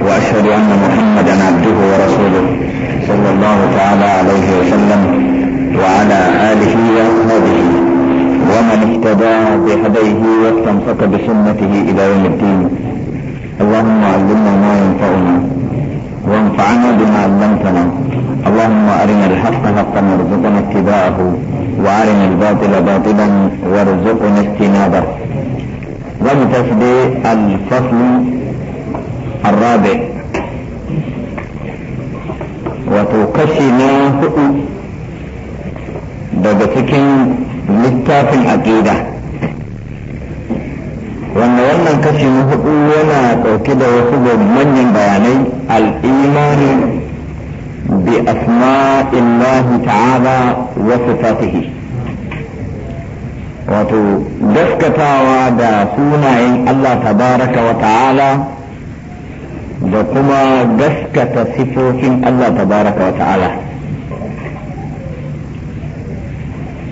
وأشهد أن محمدا عبده ورسوله صلى الله تعالى عليه وسلم وعلى آله وأصحابه ومن اهتدى بهديه واستمسك بسنته إلى يوم الدين اللهم علمنا ما ينفعنا وانفعنا بما علمتنا اللهم أرنا الحق حقا وارزقنا اتباعه وأرنا الباطل باطلا وارزقنا اجتنابه وبتسبيح الفصل wato الرابع na huɗu daga cikin littafin aƙida wanda wannan kashi na hudu yana ɗauke da wasu manyan bayanai al'imani bi asma'illahi ta'ala wa sifatihi wato gaskatawa da sunayen Allah tabaraka wa ta'ala da kuma gaskata sifofin Allah tabaraka wa ta'ala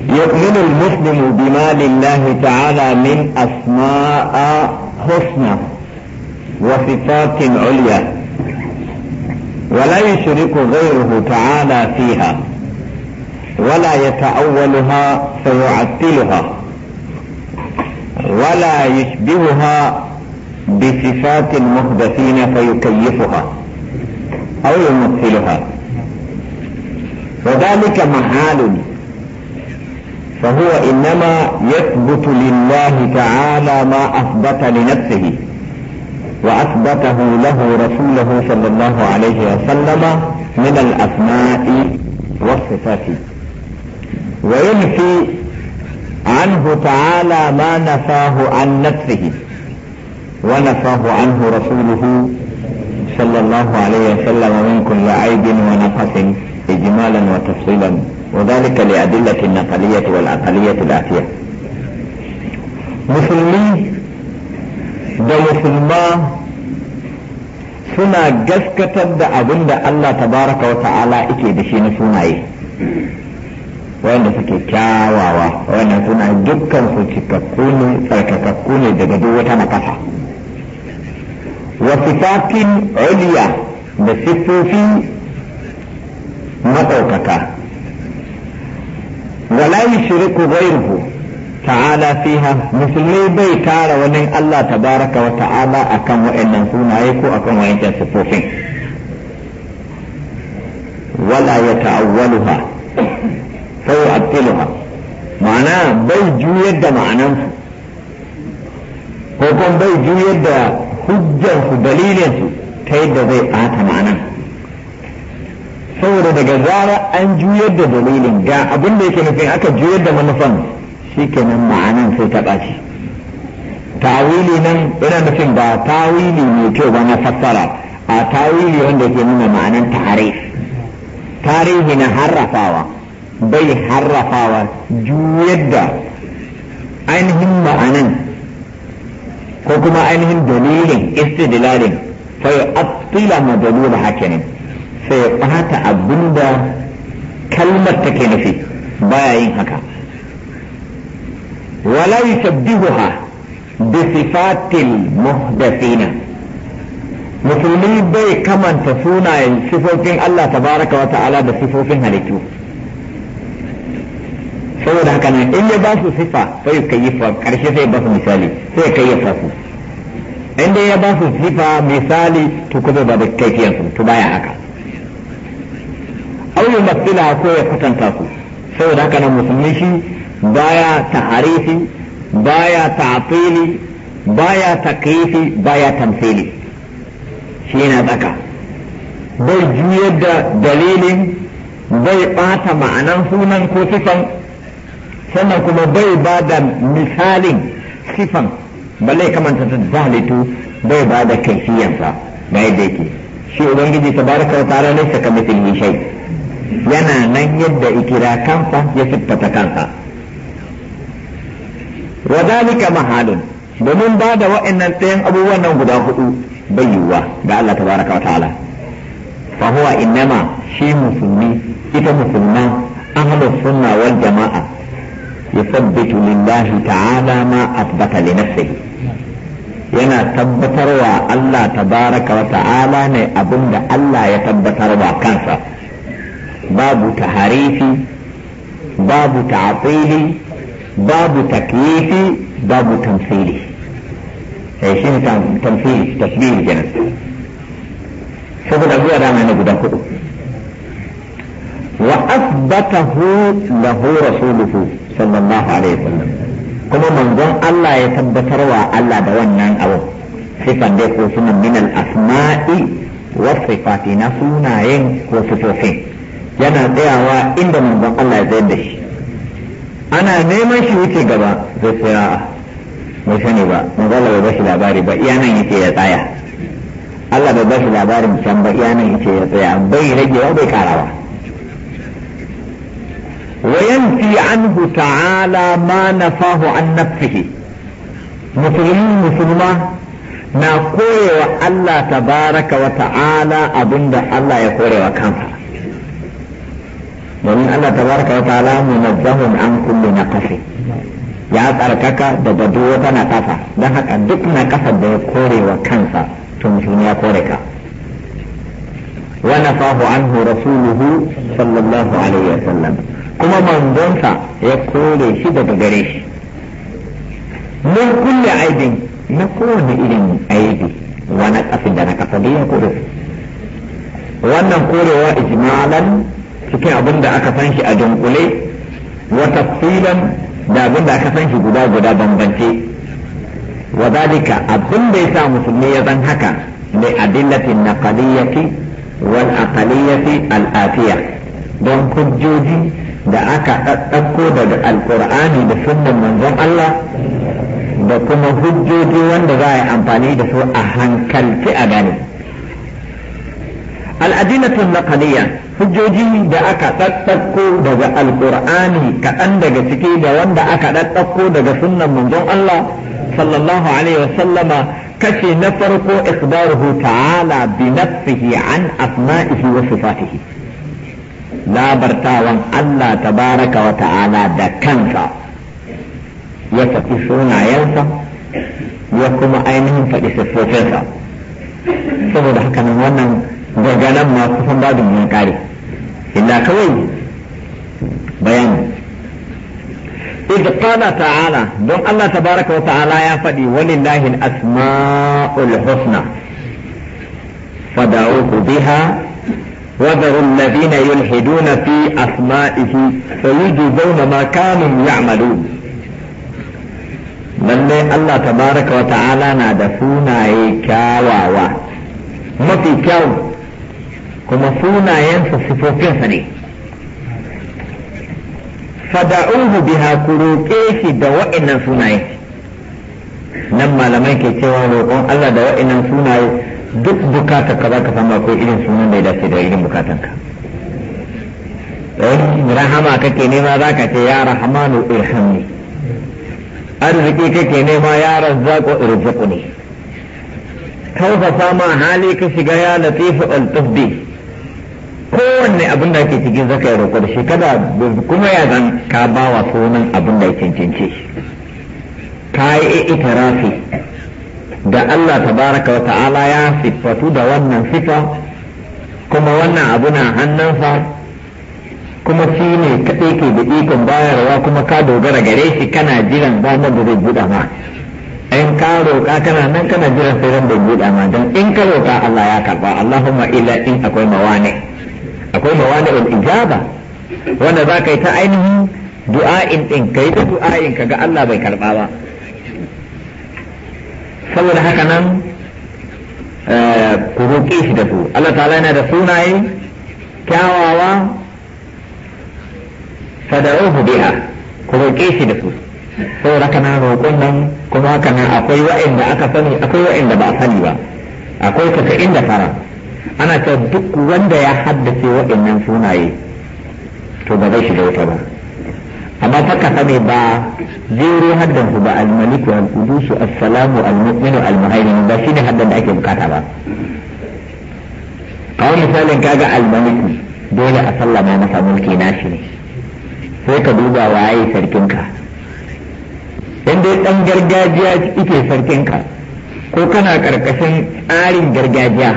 يؤمن المسلم بما لله تعالى من أسماء حسنى وصفات عليا ولا يشرك غيره تعالى فيها ولا يتأولها فيعطلها ولا يشبهها بصفات المحدثين فيكيفها أو يمثلها وذلك محال فهو إنما يثبت لله تعالى ما أثبت لنفسه وأثبته له رسوله صلى الله عليه وسلم من الأسماء والصفات وينفي عنه تعالى ما نفاه عن نفسه ونفاه عنه رسوله صلى الله عليه وسلم من كل عيب ونقص إجمالا وتفصيلا وذلك لأدلة النقلية والعقلية الآتية مسلمين da musulma suna gaskatar da abin da Allah tabaraka wa ta'ala yake da shi na sunaye wanda suke kyawawa wanda suna dukkan su cikakku ne daga duk wata nakasa. وصفات عليا بصفوفي مقوقتا ولا يشرك غيره تعالى فيها مثل بي تارى ولن الله تبارك وتعالى أكم وإن سونا يكو أكم وإن صفوفين ولا يتعولها فيعطلها معناه بي جويد معناه ko kuma bai juyar da dalilin dalilinsu ta yadda zai bata ma'ana saboda daga zara an juyar da dalilin ga abin da yake nufin aka juyar da manufan shi kenan ma'anan sai ta ɓaci tawili nan yana nufin ba tawili mai kyau ba na fassara a tawili wanda ke nuna ma'anan tarihi tarihi na harrafawa bai harrafawa juyar da ainihin ma'anan ko kuma ainihin dalilin istidlalin fa ya abtila madalul hakimin sai ya bata abinda kalmar take nufi baya yin haka wala yushabbihuha bi sifatil muhdathina musulmi bai kamanta sunayen sifofin Allah tabaraka wa ta'ala da sifofin halittu saboda haka nan in ya ba su sifa sai ka yi karshe sai ba su misali sai ka yi ku in dai ya ba su sifa misali to kuma ba da kaifiyar su to baya haka auyu masila ko ya kutanta su saboda haka nan musulmi shi baya taharifi baya ta'tili baya takyifi baya tamthili shi yana tsaka bai juyar da dalilin bai bata ma'anan sunan ko sifan sannan kuma bai ba da misalin sifan balle da ta zalitu bai ba da kaifiyansa ba yadda yake shi ubangiji tabaraka wa ta'ala ne saka mutum shai yana nan yadda ikira kansa ya siffata kansa wa zalika mahalun domin ba da wa'annan ɗayan abubuwan nan guda hudu bai yiwuwa ga Allah tabaraka wa ta'ala fa huwa innama shi musulmi ita musulman ahlus sunna wal jama'a يثبت لله تعالى ما أثبت لنفسه ينا ثبت روى الله تبارك وتعالى نه أبند الله يثبت روى كنسا باب تحريفي باب تعطيل باب تكييفي باب تمثيلي تمثيل هيشين إيه، تمثيل تسبيل جنة فقد أبوه رامي نقود وأثبته له رسوله sallallahu alaihi wasallam kuma manzon Allah ya tabbatar wa Allah da wannan abu sifan dai ko sunan min al asma'i wa sifati na sunayen ko sifofin yana tsayawa inda manzon Allah ya zai da shi ana neman shi wuce gaba zai tsaya mu sani ba manzon Allah bai bashi labari ba iya nan yake ya tsaya Allah bai bashi labarin can ba iya nan yake ya tsaya bai ragewa bai karawa وينفي عنه تعالى ما نفاه عن نفسه مسلمين مسلمة na koyewa Allah tabaraka wa ta'ala abinda Allah ya korewa kansa domin Allah tabaraka wa ta'ala munazzahun an kulli naqasi ya tsarkaka daga duk wata naqasa don haka duk naqasar da ya korewa kansa to musulmi ya kore ka wa nafahu anhu rasuluhu sallallahu alaihi wa sallam kuma manzonsa ya kore shi daga gare shi mun kulle aibin na kowane irin aibi wani kafin da na kasa da ya kore wannan korewa ijmalan cikin abin da aka san shi a dunkule wata filan da abin da aka san shi guda guda bambance wa zalika abin da yasa musulmi ya zan haka li adillatin naqaliyyati wal aqaliyyati al al'afiya don hujjoji da aka ɗaɗɗako daga alkur'ani da sunan manzon Allah da kuma hujjoji wanda za a yi amfani da su a hankalci a gane al'adinatun naqaliyya hujjoji da aka ɗaɗɗako daga alkur'ani kaɗan daga ciki da wanda aka ɗaɗɗako daga sunan manzon Allah sallallahu alaihi wasallama kashi na farko ikhbaruhu ta'ala bi nafsihi an asma'ihi wa sifatihi labartawan Allah tabaraka wa ta'ala da kansa ya faɗi sunayensa ya kuma ainihin faɗi siffofinsa saboda haka nan wannan gargaɗan ma kusan babu ya kare illa kawai bayani إذ قال تعالى دون الله تبارك وتعالى يا فدي ولله الأسماء الحسنى فدعوه biha. وذروا الذين يلحدون في أسمائه فيجزون ما كانوا يعملون lalle Allah tabaraka wa ta'ala na da sunaye kyawawa mafi kyau kuma sunayensa sifofinsa ne fada'uhu biha ku roƙe shi da wa'innan sunaye nan malamai ke cewa roƙon Allah da wa'innan sunaye duk bukatar ka za ka samu akwai irin sunan da ya dace da irin bukatan ka eh, rahama kake nema za ka ce ya rahamanu irhamni arziki kake nema ya razzaqu irzuqni kawfa ma hali ka shiga ya latifu altubbi kowanne abin da ke cikin zaka yi roƙo da shi kada kuma ya zan ka bawa sunan abin da ya cancanci ka yi itirafi da Allah tabaraka wa ta'ala ya siffatu da wannan sifa kuma wannan abu na hannunsa kuma shi ne kaɗai ke da ikon bayarwa kuma ka dogara gare shi kana jiran ranar da zai buɗa ma in ka roƙa kana nan kana jiran sai ran da buɗa ma don in ka roƙa Allah ya karɓa Allahumma illa in akwai mawane akwai mawane wal ijaba wanda za ka yi ta ainihin du'a'in ɗin ka yi ta du'a'in ka ga Allah bai karɓa ba saboda haka nan eh, ku roƙe shi da su Allah ta'ala yana da sunaye kyawawa fada'uhu biha ku roƙe shi da su saboda haka nan roƙon nan kuma haka nan akwai wa'inda aka sani akwai wa'inda ba a sani ba akwai tasa'in inda fara ana cewa duk wanda ya haddace wa'innan sunaye to ba zai shiga wuta ba amma ta kafa ne ba zero haddan ku ba al-maliku al-qudusu as al ba shine haddan da ake bukata ba kawai misalin kaga al-maliku dole a sallama masa mulki nashi ne sai ka duba waye ka in dai dan gargajiya ike ka ko kana karkashin tsarin gargajiya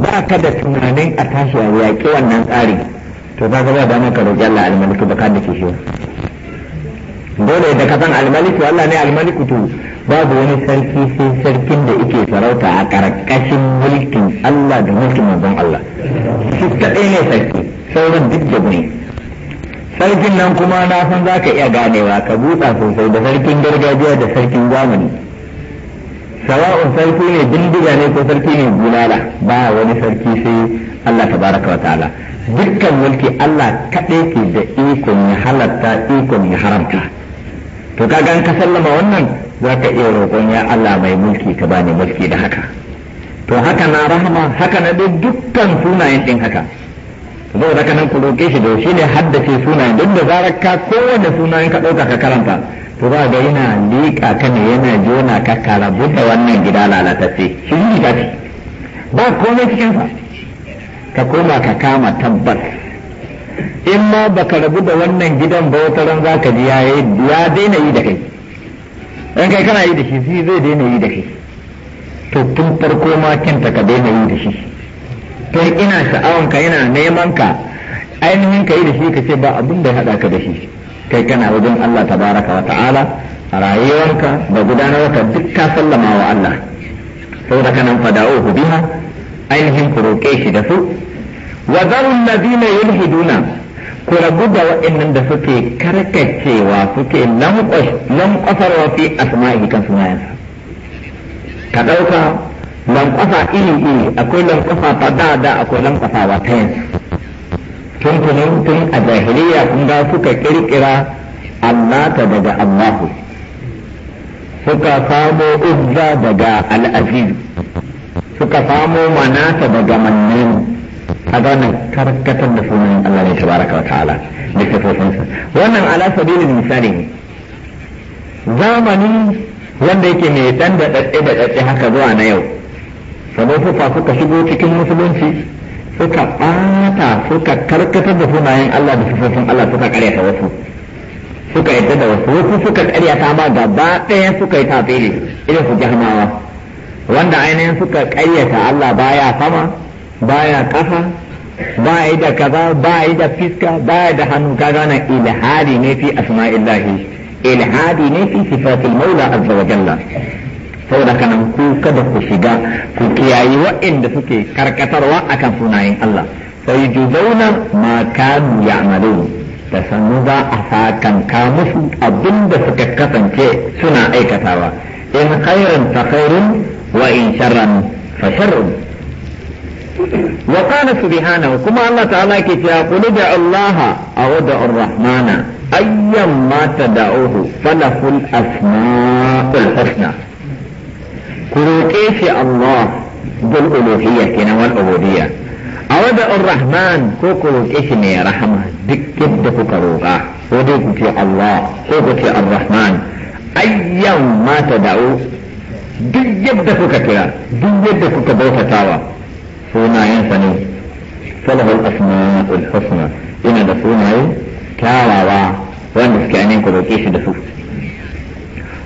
ba ka da tunanin a tashi a yaƙi wannan tsarin to ba ba da ka roƙi Allah almaliku ba ka da shi dole da ka san almaliku Allah ne almaliku to babu wani sarki sai sarkin da yake sarauta a karkashin mulkin Allah da mulkin manzon Allah shi kadai ne sarki sauran duk da ne sarkin nan kuma na san zaka iya ganewa ka buɗa sosai da sarkin gargajiya da sarkin zamani sawa'un sarki ne bindiga ne ko sarki ne bulala ba wani sarki sai Allah tabaraka wa ta'ala dukkan mulki Allah kaɗai ke da ikon ya halatta ikon ya haramta to kaga an ka sallama wannan za ka iya roƙon ya Allah mai mulki ka bani mulki da haka to haka na rahama haka na dai dukkan sunayen din haka zo da nan ku roƙe shi da shi ne haddace sunayen duk da zarar ka kowane sunayen ka ɗauka ka karanta to ba ga yana liƙa ka ne yana jona ka karabu da wannan gida lalatacce shi ne ce ba komai cikin sa ka koma ka kama tabbas in ma ka rabu da wannan gidan ba wata ran ka ji ya daina yi da kai in kai kana yi da shi shi zai daina yi da kai to tun farko ma kinta ka daina yi da shi to ina sha'awanka ina neman ka ainihin ka yi da shi ka ce ba abin da ya haɗa ka da shi kai kana wajen Allah tabaraka wa ta'ala rayuwarka da ta duk ka sallama wa Allah saboda kana fada'uhu biha ainihin ku roƙe shi da su wa zarul ladina yulhiduna ku rabu da waɗannan da suke karkacewa suke lankwasarwa fi asma'i kan sunayensa ka ɗauka lankwasa iri iri akwai lankwasa ta da da akwai lankwasawa ta yanzu tun tun a jahiliya kun ga suka kirkira annata daga allahu suka samo uzza daga al'aziz suka samo manata daga mannan a wannan karkatar da sunan Allah ne tabaraka wa ta'ala da sifofinsa wannan ala sabilin misali ne zamani wanda yake mai dan da dadde da dadde haka zuwa na yau saboda fa suka shigo cikin musulunci suka bata suka karkatar da sunayen Allah da sufofin Allah suka karyata wasu suka yadda da wasu wasu suka karyata ma gaba ɗaya suka yi tafiri irin su jahmawa wanda ainihin suka karyata Allah baya sama baya kasa ba da kaza baya da fiska baya da hannu ka gana ilhadi ne fi asma'illahi ilhadi ne fi sifatul maula azza wa jalla saboda kanan ku kada ku shiga ku kiyayi waɗanda suke karkatarwa akan sunayen Allah sai juzauna ma kanu amalu da sannu za a ka musu abinda da suka kasance suna aikatawa in khairan fa khairun wa in sharran fa sharrun wa qala subhanahu kuma Allah ta'ala ke cewa qul da Allah aw da ar-rahmana ayyamma tad'uhu falahu al-asma'ul husna ku roƙe shi Allah dul uluhiyya kenan wal ubudiyya a wada rahman ko ku roƙe shi mai rahama duk yadda kuka roƙa ko dai ku ce Allah ko ku ce ar-rahman ayyan ma ta da'u duk yadda kuka kira duk yadda kuka bautatawa sunayensa ne salahul asma'ul husna ina da sunaye kyawawa wanda suke anin ku roƙe shi da su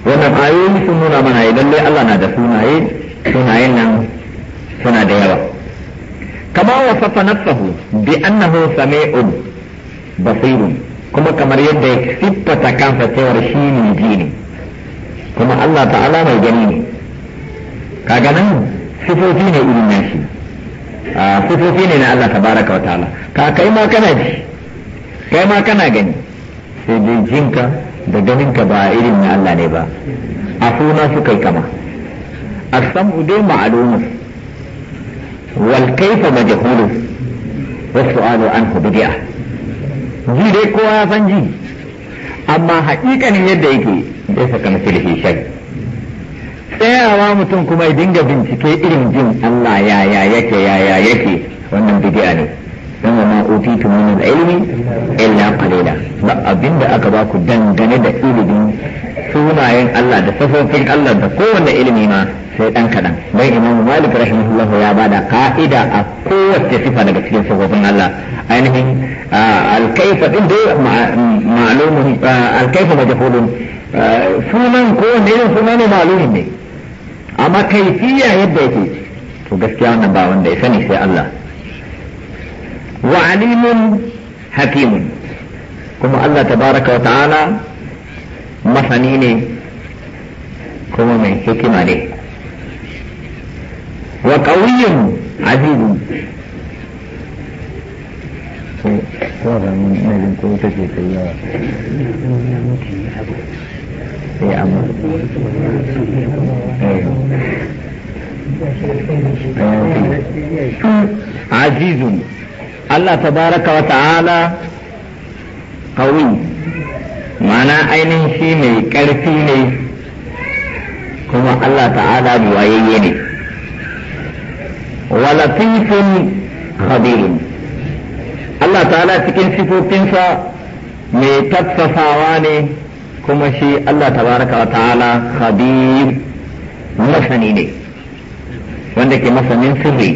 wannan ayoyi sun nuna mana idan eh, dai Allah na da sunaye sunayen nan suna da yawa kama wasafa nafsahu bi annahu sami'un basirun kuma kamar yadda ya siffata kansa cewar shi ne ji ne kuma Allah ta'ala mai gani ne kaga nan sifofi ne irin shi ah, sifofi ne na Allah tabaraka wa ta'ala ka kai ma kana ji kai ma kana gani sai jinka da ganin ka ba irin na Allah ne ba a suna su kai kama a san dai ma'alumu wal kaifa majhulu wasu alu an hubidiya ji dai kowa ya san ji amma haƙiƙanin yadda yake bai saka misali shai tsayawa mutum kuma ya dinga bincike irin jin Allah yaya yake ya yake wannan bidi'a ne wama ma utitu min al-ilmi illa qalila ba abinda aka ba ku dangane da ilimin sunayen Allah da safofin Allah da kowanne ilimi ma sai dan kadan dan Imam Malik rahimahullahu ya bada ka'ida a kowace sifa daga cikin safofin Allah ainihin al-kayfa din da ma'lumun al-kayfa majhulun sunan kowanne irin suna ne ma'lumin ne amma kaifiya yadda yake to gaskiya wannan ba wanda ya sani sai Allah وعليم حكيم كما الله تبارك وتعالى مفنين كما من حكم عليه وقوي عزيز أيوة. عزيز Allah tabaraka wa ta'ala kawai ma'ana ainihin shi mai ƙarfi ne kuma Allah ta'ala buwayayye ne wa latifun khabirin Allah ta'ala cikin sifofinsa mai tattafawa ne kuma shi Allah tabaraka wa ta'ala khabir masani ne wanda ke masanin sirri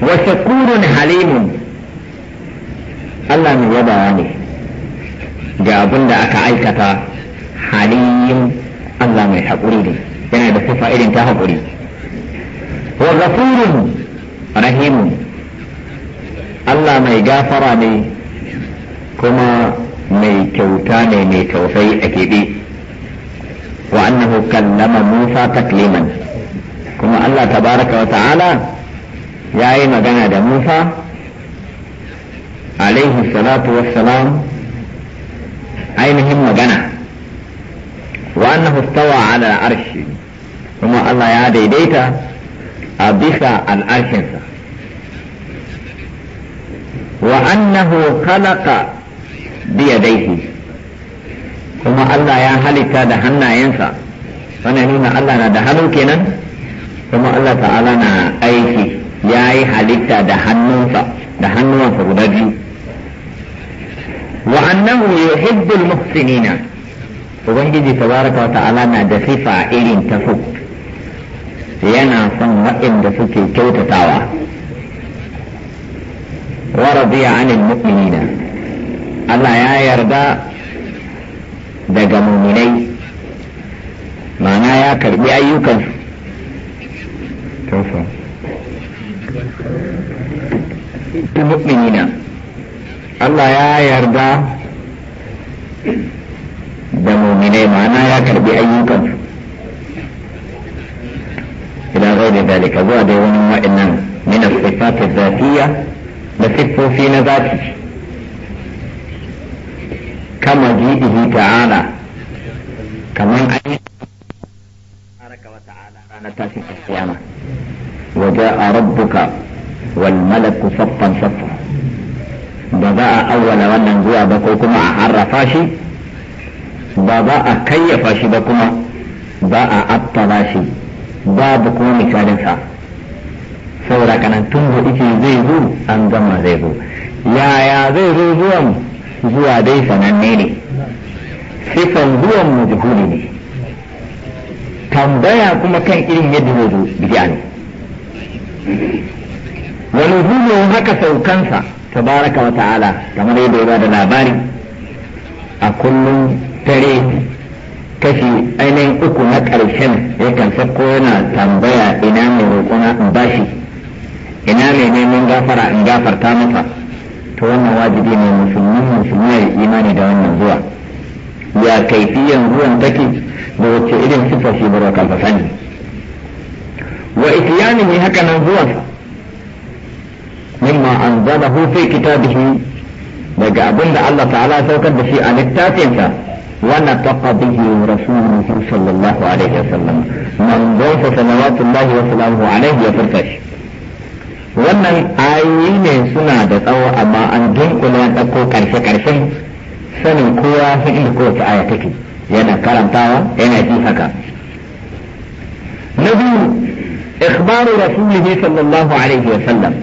wa shakurun halimun Allah mai yabawa ne ga abin da aka aikata halim Allah mai hakuri ne yana da sifa irin ta haƙuri wa rahimu. Allah mai gafara ne kuma mai kyauta ne mai tausayi a keɓe wa annahu kallama Musa takliman kuma Allah ta baraka wa ta'ala ya yi magana da musa alaihi salatu wassalam ainihin magana wa annahu stawa ala arshi kuma Allah ya daidaita a bisa al'arshinsa wa annahu khalaqa biyadaihi kuma Allah ya halitta da hannayensa wannan nuna Allah na da hannu kenan kuma Allah ta'ala na aiki ya yi halitta da hannunsa da guda biyu wa annahu yuhibbul muhsinina ubangiji tabaraka wa ta'ala na da sifa irin ta so yana son waɗanda suke kyautatawa wa radiya anil mu'minina Allah ya yarda daga muminai ma'ana ya karbi ayyukan المؤمنين الله يا يرضى da muminai ma'ana ya karbi ayyukan ila ghairi dalika zuwa dai wani wa'annan min as-sifat adh-dhatiyya da siffofi na zati kama jidihi ta'ala kaman ayyuka ta'ala ranar tashin kiyama وجاء ربك والملك صفا صفا بابا أول وانا زوا بكوكما عرفا شي بابا كيفا شي بكما باء أبطلا باب كومي كالنسا saboda kanan tun da ike zai zo an gama zai zo yaya zai zo zuwan zuwa dai sananne ne sifan zuwan majhuli ne tambaya kuma kan irin yadda zai zo bidiya ne wani hulun haka saukansa tabaraka wa ta'ala kamar yadda ya da labari a kullum tare kashi ainihin uku na ƙarshen yakan sako yana tambaya ina mai roƙona in bashi ina mai neman gafara in gafarta masa to wannan wajibi ne musulmi musulmi ya imani da wannan zuwa ya yanzuwan ruwan take da wacce irin sifa shi ba ka sani wa isyanihi haka nan zuwansa mimma anzalahu fi kitabihi daga abin da Allah ta'ala saukar da shi a littafinsa wa nataqa bihi rasuluhu sallallahu alaihi wasallam man dawsa salawatullahi wa salamuhu alaihi ya furta shi wannan ayoyi ne suna da tsawo amma an dunkula ɗauko karshe-karshen sanin kowa sun inda kowace aya take yana karantawa yana ji haka na biyu ikhbaru rasulihi sallallahu alaihi wa sallam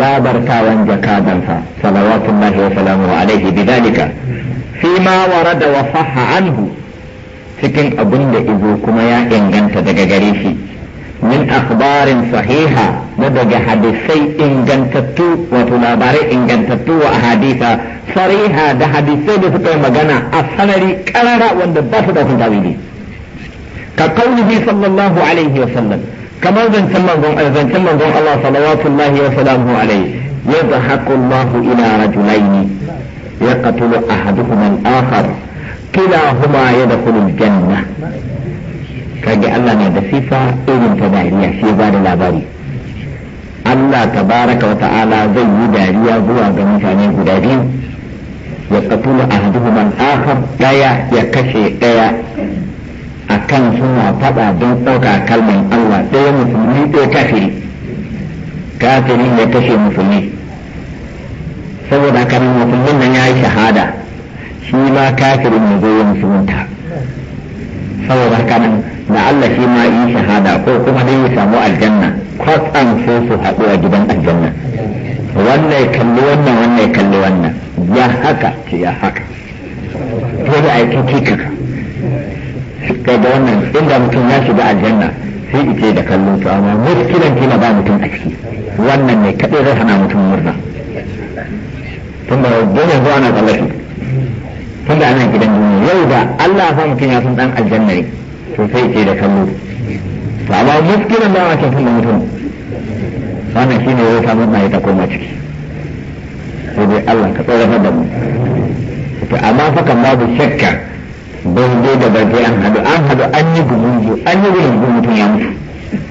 labartawan jakadansa salawatullahi wa salamuhu alaihi bidalika fi ma warada wa sahha anhu cikin abin da izo kuma ya inganta daga gare shi min akhbarin sahiha na daga hadisai ingantattu wato labarai ingantattu wa hadisa sariha da hadisai da suka yi magana a sanari karara wanda ba su da kun tawili ka kaulihi sallallahu alaihi wa sallam kamar zancen manzon zancen manzon Allah salawatullahi wa salamuhu alaihi yadhaku Allahu ila rajulaini yaqtulu ahaduhuma al-akhar kilahuma yadkhulu janna kage Allah na da sifa irin ta dariya shi ba da labari Allah tabaraka wa ta'ala zai yi dariya zuwa ga mutane guda biyu ya ahaduhuma al-akhar daya ya kashe daya a kan suna faɗa don ɗauka kalmar Allah ɗaya musulmi ɗaya kafiri kafirin ya kashe musulmi saboda kanin musulmin nan ya yi shahada shi ma kafirin ya zo ya musulunta saboda kanin, na da Allah shi ma yi shahada ko kuma dai ya samu aljanna kwatsan so su haɗu a gidan aljanna wannan ya kalli wannan wannan ya kalli wannan ya haka ce ya haka dole a yi ka. kaga wannan inda mutum ya shiga aljanna sai ike da kallon su amma muskilan kina ba mutum a ciki wannan ne kaɗai zai hana mutum murna tun tunda wajen yanzu ana tun da ana gidan duniya yau da Allah fa mutum ya san dan aljanna ne to sai ike da kallo to amma muskilan ba wacce da mutum wannan shine ya samu na ya ta koma ciki sai dai Allah ka tsoratar da mu to amma fa kan babu shakka daidai da barde an hadu an hadu an yi gumurzu an yi gudun mutum ya mutu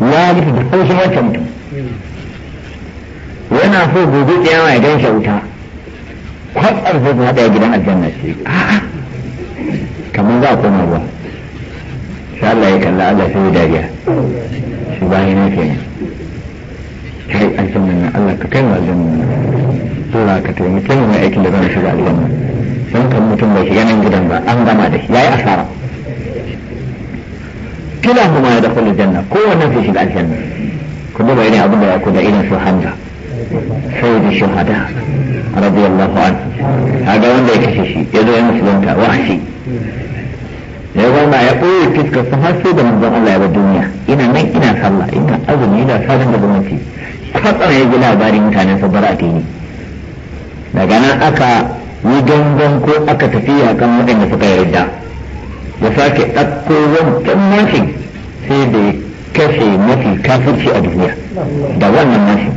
ya mutu da haushin wancan mutum yana so gobe ma ya ganshi wuta kwatsar zai haɗa daya gidan aljanna ce kamar za a koma ruwa sha Allah ya kalla Allah sai ya dariya shi bayan na kenan kai aljanna Allah ka kai mu aljanna tura ka taimake mu mai aikin da zan shiga aljanna sun kan mutum bai shiga nan gidan ba an gama da shi yayi asara kila kuma ya dafa janna kowanne su shiga aljanna ku duba irin abin da ya ku da irin su hanga sai da shahada radiyallahu anhu kaga wanda ya kashe shi ya zo ya musulunta wahshi ya zauna ya ɓoye fiskar sa har sai da manzon Allah ya ba duniya ina nan ina sallah ina azumi ina sabon da gwamnati kwatsa ya ji labarin mutanen sabar a a daga nan aka yi gangan ko aka tafi yakan waɗanda suka yarda ya sake ɗakko wancan mafi sai da ya kashe mafi kafirci a duniya da wannan mafi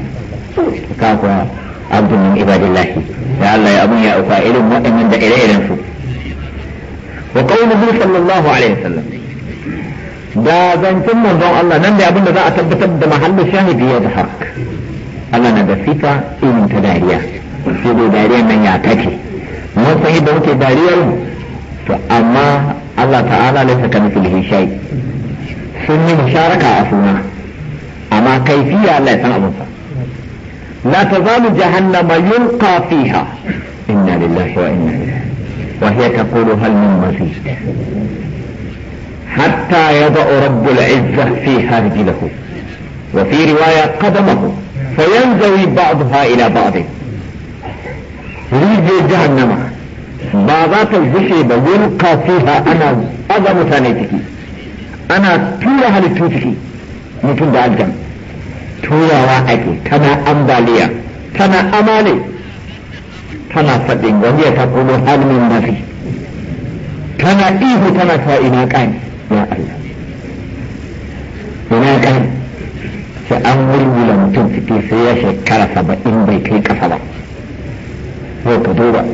kakwa abdun ibadillahi da Allah ya abun ya uka irin waɗannan da ire-iren su wa qawluhu sallallahu alaihi wasallam da zancen manzon Allah nan da abin da za a tabbatar da mahallin shahidi ya zahar Allah na da sifa irin ta dariya sai dai dariya nan ya take mun san yadda muke dariyar to amma Allah ta'ala laisa ka mislihi shay sun yi musharaka a suna amma kaifiya Allah ya san abin sa la tazalu jahannama yulqa fiha inna lillahi wa inna ilaihi wa hiya taqulu hal min mazid حتى يضع رب العزة فيها رجله وفي رواية قدمه فينزوي بعضها إلى بعض rige jahannama ba za ta gushe ba yin kafiha ana aza mutane ciki ana tura halittu ciki mutum da aljan turawa ake tana ambaliya tana amale tana faɗin gwamnati ta kuma halin mafi, tana ihu tana sa ina ƙani ya Allah ina ƙani sai an wulwula mutum ciki sai ya shekara saba'in bai kai ƙasa ba yau ka duba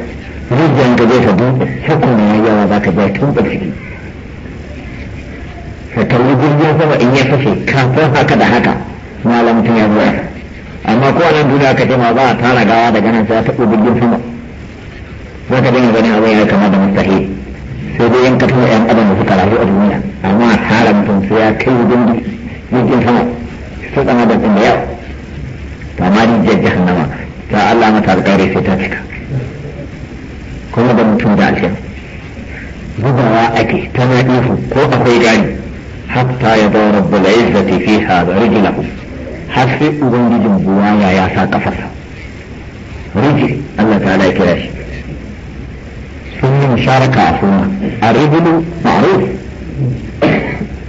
rijiyar ka zai ka duba hukuma ya yawa za ka biya tun da ciki ka kalli jirgin sama in ya fashe kafin haka da haka malam tun ya zuwa amma ko nan duniya ka jama ba a tara gawa daga nan sai a taɓo jirgin sama za ka dinga ganin abin ya kama da mustahi sai dai in ka tuna yan adam da suka rayu a duniya amma a tara mutum sai ya kai jirgin sama sai tsama da tsin da yawa amma rijiyar jahannama ta Allah mata alƙairi sai ta cika kuma da mutum da aljan zubawa ake tana ihu ko akwai gani hatta ya da rabbul izzati fiha da rijlahu har sai ubangijin buwaya ya sa kafarsa riji Allah ta ya kira shi sun yi musharaka a suna a rijulu ma'ruf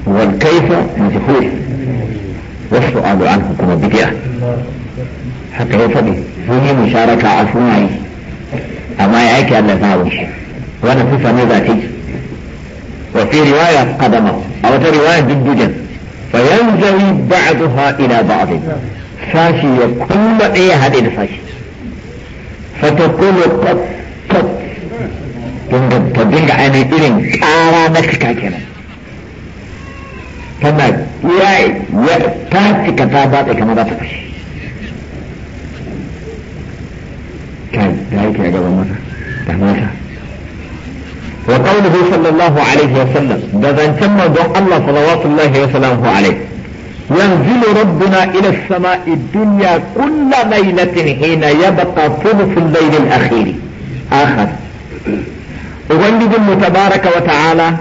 wal kaifa majhul wasu abu an hukuma bidiya haka ya faɗi sun yi musharaka a sunaye amma ya aiki Allah samu shi wannan sun samu zafi wa fi riwaya qadama a wata riwaya duddujan fa yanzawi ba'daha ila ba'd sashi ya kuma ɗaya haɗe da sashi fatakulu qattat dinga ta dinga ainihin irin ƙara na cika kenan tana ya ta cika ta batsa kamar za ta fashe كان ذلك يا جبل وقوله صلى الله عليه وسلم دذن تم دعا الله صلوات الله وسلامه عليه ينزل ربنا إلى السماء الدنيا كل ليلة حين يبقى ثلث الليل الأخير آخر ubangijin المتبارك وتعالى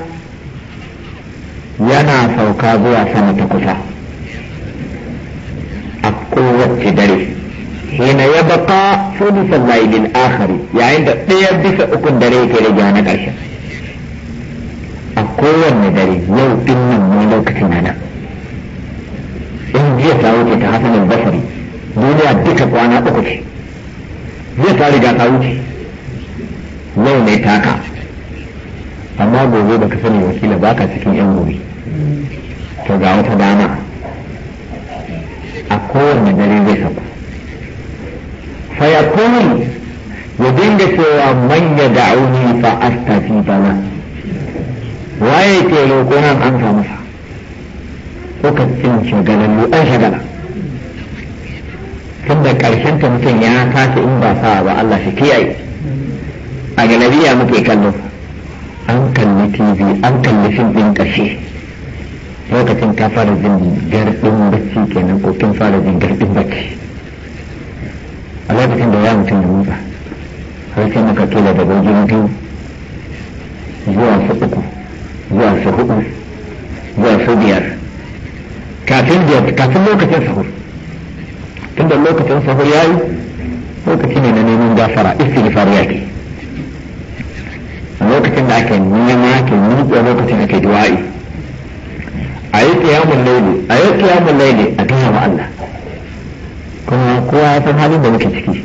ينا ta'ala سنة sauka اقوى sama hina ya baka sudusan lailin akhari yayin da ɗaya bisa ukun dare yake rage na ƙarshen a kowanne dare yau ɗin nan ne lokacin nana in jiya ta wuce ta hasanin basari duniya duka kwana uku ce jiya ta riga ta wuce yau ne taka amma gobe ka sani wakila baka cikin yan gobe to ga wata dama a kowanne dare zai sauka ya cewa manya da auni فيقول يدين سوى من يدعوني فأستجيب له وأيتي لو كنا أنسى مسح وكتن شغل اللؤان shagala? tun da ƙarshen ta mutum ya tashi in ba sa ba Allah shi kiyaye a galeriya muke kallo an kalli tv an kalli fim ɗin ƙarshe lokacin ka fara jin garɗin bacci kenan ko tun fara jin garɗin bacci a lokacin da ya mutum ya mutsa har sai maka tola da wajen biyu zuwa su uku zuwa su hudu zuwa su biyar kafin biyar kafin lokacin sahur tunda lokacin sahur ya yi lokaci ne na neman gafara istighfar ya ke lokacin da ake nema ake miƙe lokacin ake duwa'i a yi kiyamun laili a yi kiyamun laili a gaya wa Allah kuma kowa ya san halin da muke ciki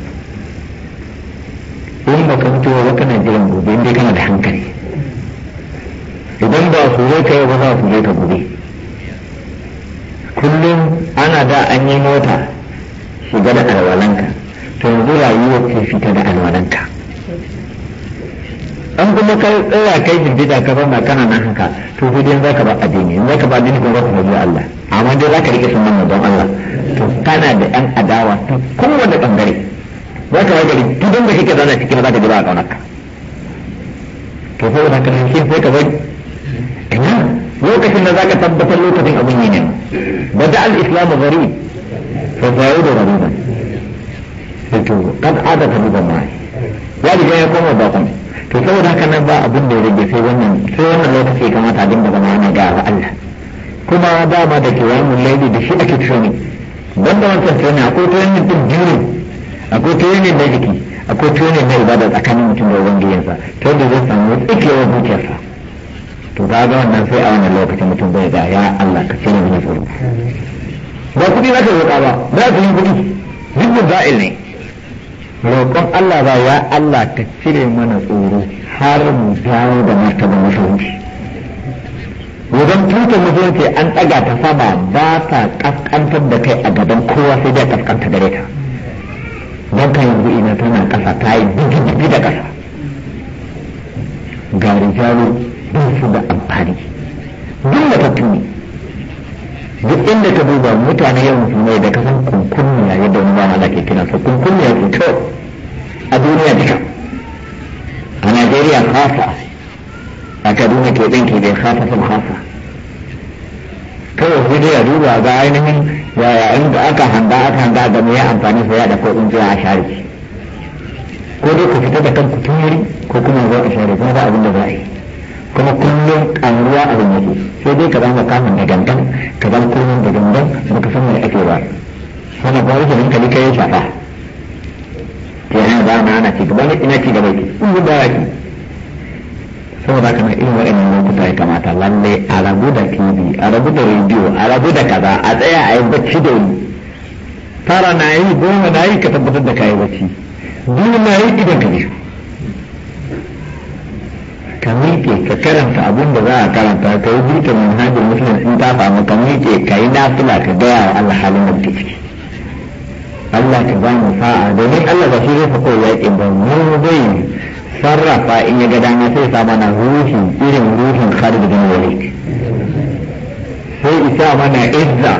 in ba ka mutuwa ba kana jiran gobe in dai kana da hankali idan ba su zai kai ba za su zai ta gobe kullum ana da an yi mota shiga da alwalanka to yanzu rayuwar ke fita da alwalanka an kuma kai tsaya kai jindida ka zama kana nan haka to sai dai zaka ba addini in zaka ba addini kuma zaka mabiya Allah amma dai zaka rike sunan don Allah to kana da ɗan adawa ta kowane bangare zaka wagari gidan da kake zana cikin zaka ji ba a kaunarka to da zaka nan sai ka bari ina lokacin da zaka tabbatar lokacin abun ne bada al-islam gari fa za'idu ghariban to kad adata bi zamani ya ji ya koma ba kuma to saboda haka nan ba abin da ya rage sai wannan sai wannan lokaci kamar abin da zama yana ga Allah kuma dama da ke wani laili da shi ake training don da wancan training akwai training din jini akwai training na jiki akwai training na ibada tsakanin mutum da sa ta yadda zai samu tsikewar zuciyarsa to ga ga wannan sai a wannan lokacin mutum bai ga ya Allah ka cire mini tsoro ba kuɗi za ka roƙa ba za su yi kuɗi duk za'il ne roƙon Allah ba ya Allah ta cire mana tsoro har mu dawo da martaba musulunci wajen tuta musulunci an ɗaga ta sama ba ta ƙasƙantar da kai a gaban kowa sai dai ƙasƙanta gare ta don ka yanzu ina tana ƙasa ta yi dubi da ƙasa ga rijalu ba su da amfani duk da duk inda ka duba mutane yau musulmai da kasan kunkunniya yadda wani ba da ke kira su kunkunniya su to a duniya duka a Najeriya khasa a Kaduna ke ɗin ke bai khasa sun khasa kawai sai ya duba ga ainihin yayin da aka handa aka handa da me ya amfani sai ya da ko tsintsiya a share ko dai ku fita da kanku tun ko kuma zo a share kuma ba abin da za a yi kuma kullum ƙaruwa abin yake sai dai ka zama kamun da gangan ka zama kullum da gangan da ka san mai ake ba wannan ba ke hankali kai shafa yana ba na ana ci gaba ina ci gaba ke in gudu ya ki saboda haka na irin waɗannan lokuta ya kamata lalle a rabu da tv a rabu da rediyo a rabu da kaza a tsaya a yi bacci da wuri fara na yi goma na yi ka tabbatar da kayi bacci biyu na yi idan ka biyu ka miƙe ka karanta abin da za a karanta ka yi duka manhajin musulun in ta samu ka miƙe ka yi nafila ka gaya wa Allah halin da ke ciki Allah ka ba mu sa'a domin Allah ba shi zai fa kawai yaƙin ba mu zai sarrafa in ya ga dama sai sa mana ruhi irin ruhin Khalid bin Walid sai isa mana izza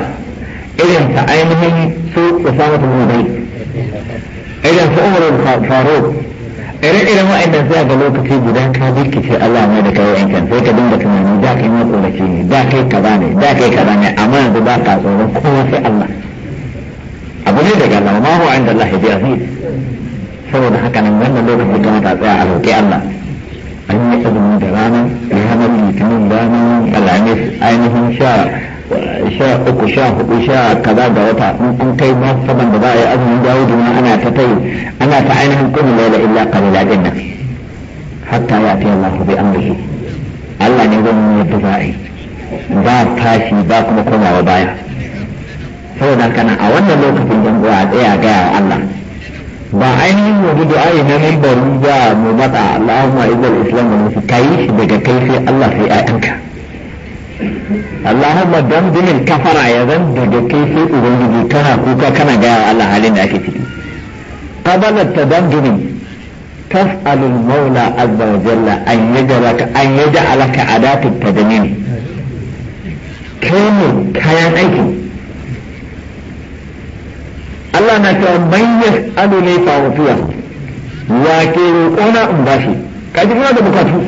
irin ta ainihin su Usama mu Walid irin su Umar bin Faruk ire-iren wa'annan za ga lokaci guda ka birkice Allah mai da kai yankin sai ka dinga tunani da kai makonaci ne da kai kaza ne da kai kaza ne amma yanzu ba ka tsoron kowa sai Allah abu ne daga Allah ma huwa inda Allah saboda haka nan wannan lokaci kuma ta tsaya a roƙi Allah an yi azumi da ranar ranar litinin ranar alhamis ainihin sha sha uku sha hudu sha kaza ga wata in kai ma saban da za a yi azumin jawo juna ana ta tai ana ta ainihin kun laila illa qalila janna hatta ya fi Allah bi amrihi Allah ne zan yi yadda za ba tashi ba kuma komawa baya saboda kana a wannan lokacin dan uwa tsaya ga Allah ba ainihin yanzu du'a'i na mimbarin ba mu bada Allahumma izzal islam wa musu kai shi daga kai sai Allah sai ayyanka Allahumma dan dinin kafara ya zan daga kai sai ubangiji kana kuka kana gaya wa Allah halin da ake ciki dan dinin tas'alul maula azza wa jalla an yaj'alaka an alaka adatu tadmin kai ne kayan aiki Allah na cewa man yas'alu ne fa wufiya wa ke roƙona in bashi kaji muna da bukatu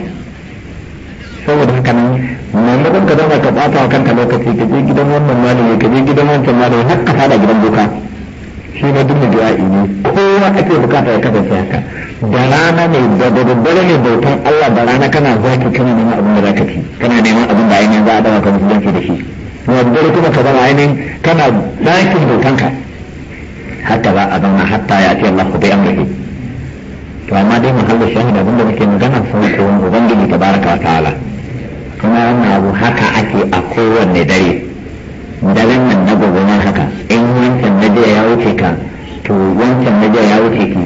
saboda haka nan maimakon ka zama ka ɓata wa kanka lokaci ka je gidan wannan malami ka je gidan wancan malami har ka fada gidan doka shi ma duk yi ne kowa ake bukata ya kasance haka da rana ne da daddare ne bautan Allah da rana kana zaki kana neman abin da zaka ci kana neman abin da ainihin za a dawa ka musulunci da shi da daddare kuma ka zama ainihin kana zakin ka hatta za a zauna hatta ya ce Allah ku bai amrihi to amma dai da abin da muke magana sun ko ubangiji tabaraka wa ta'ala kuma wannan abu haka ake a kowanne dare daren nan na gobe haka in wancan na jiya ya wuce ka to wancan na jiya ya wuce ki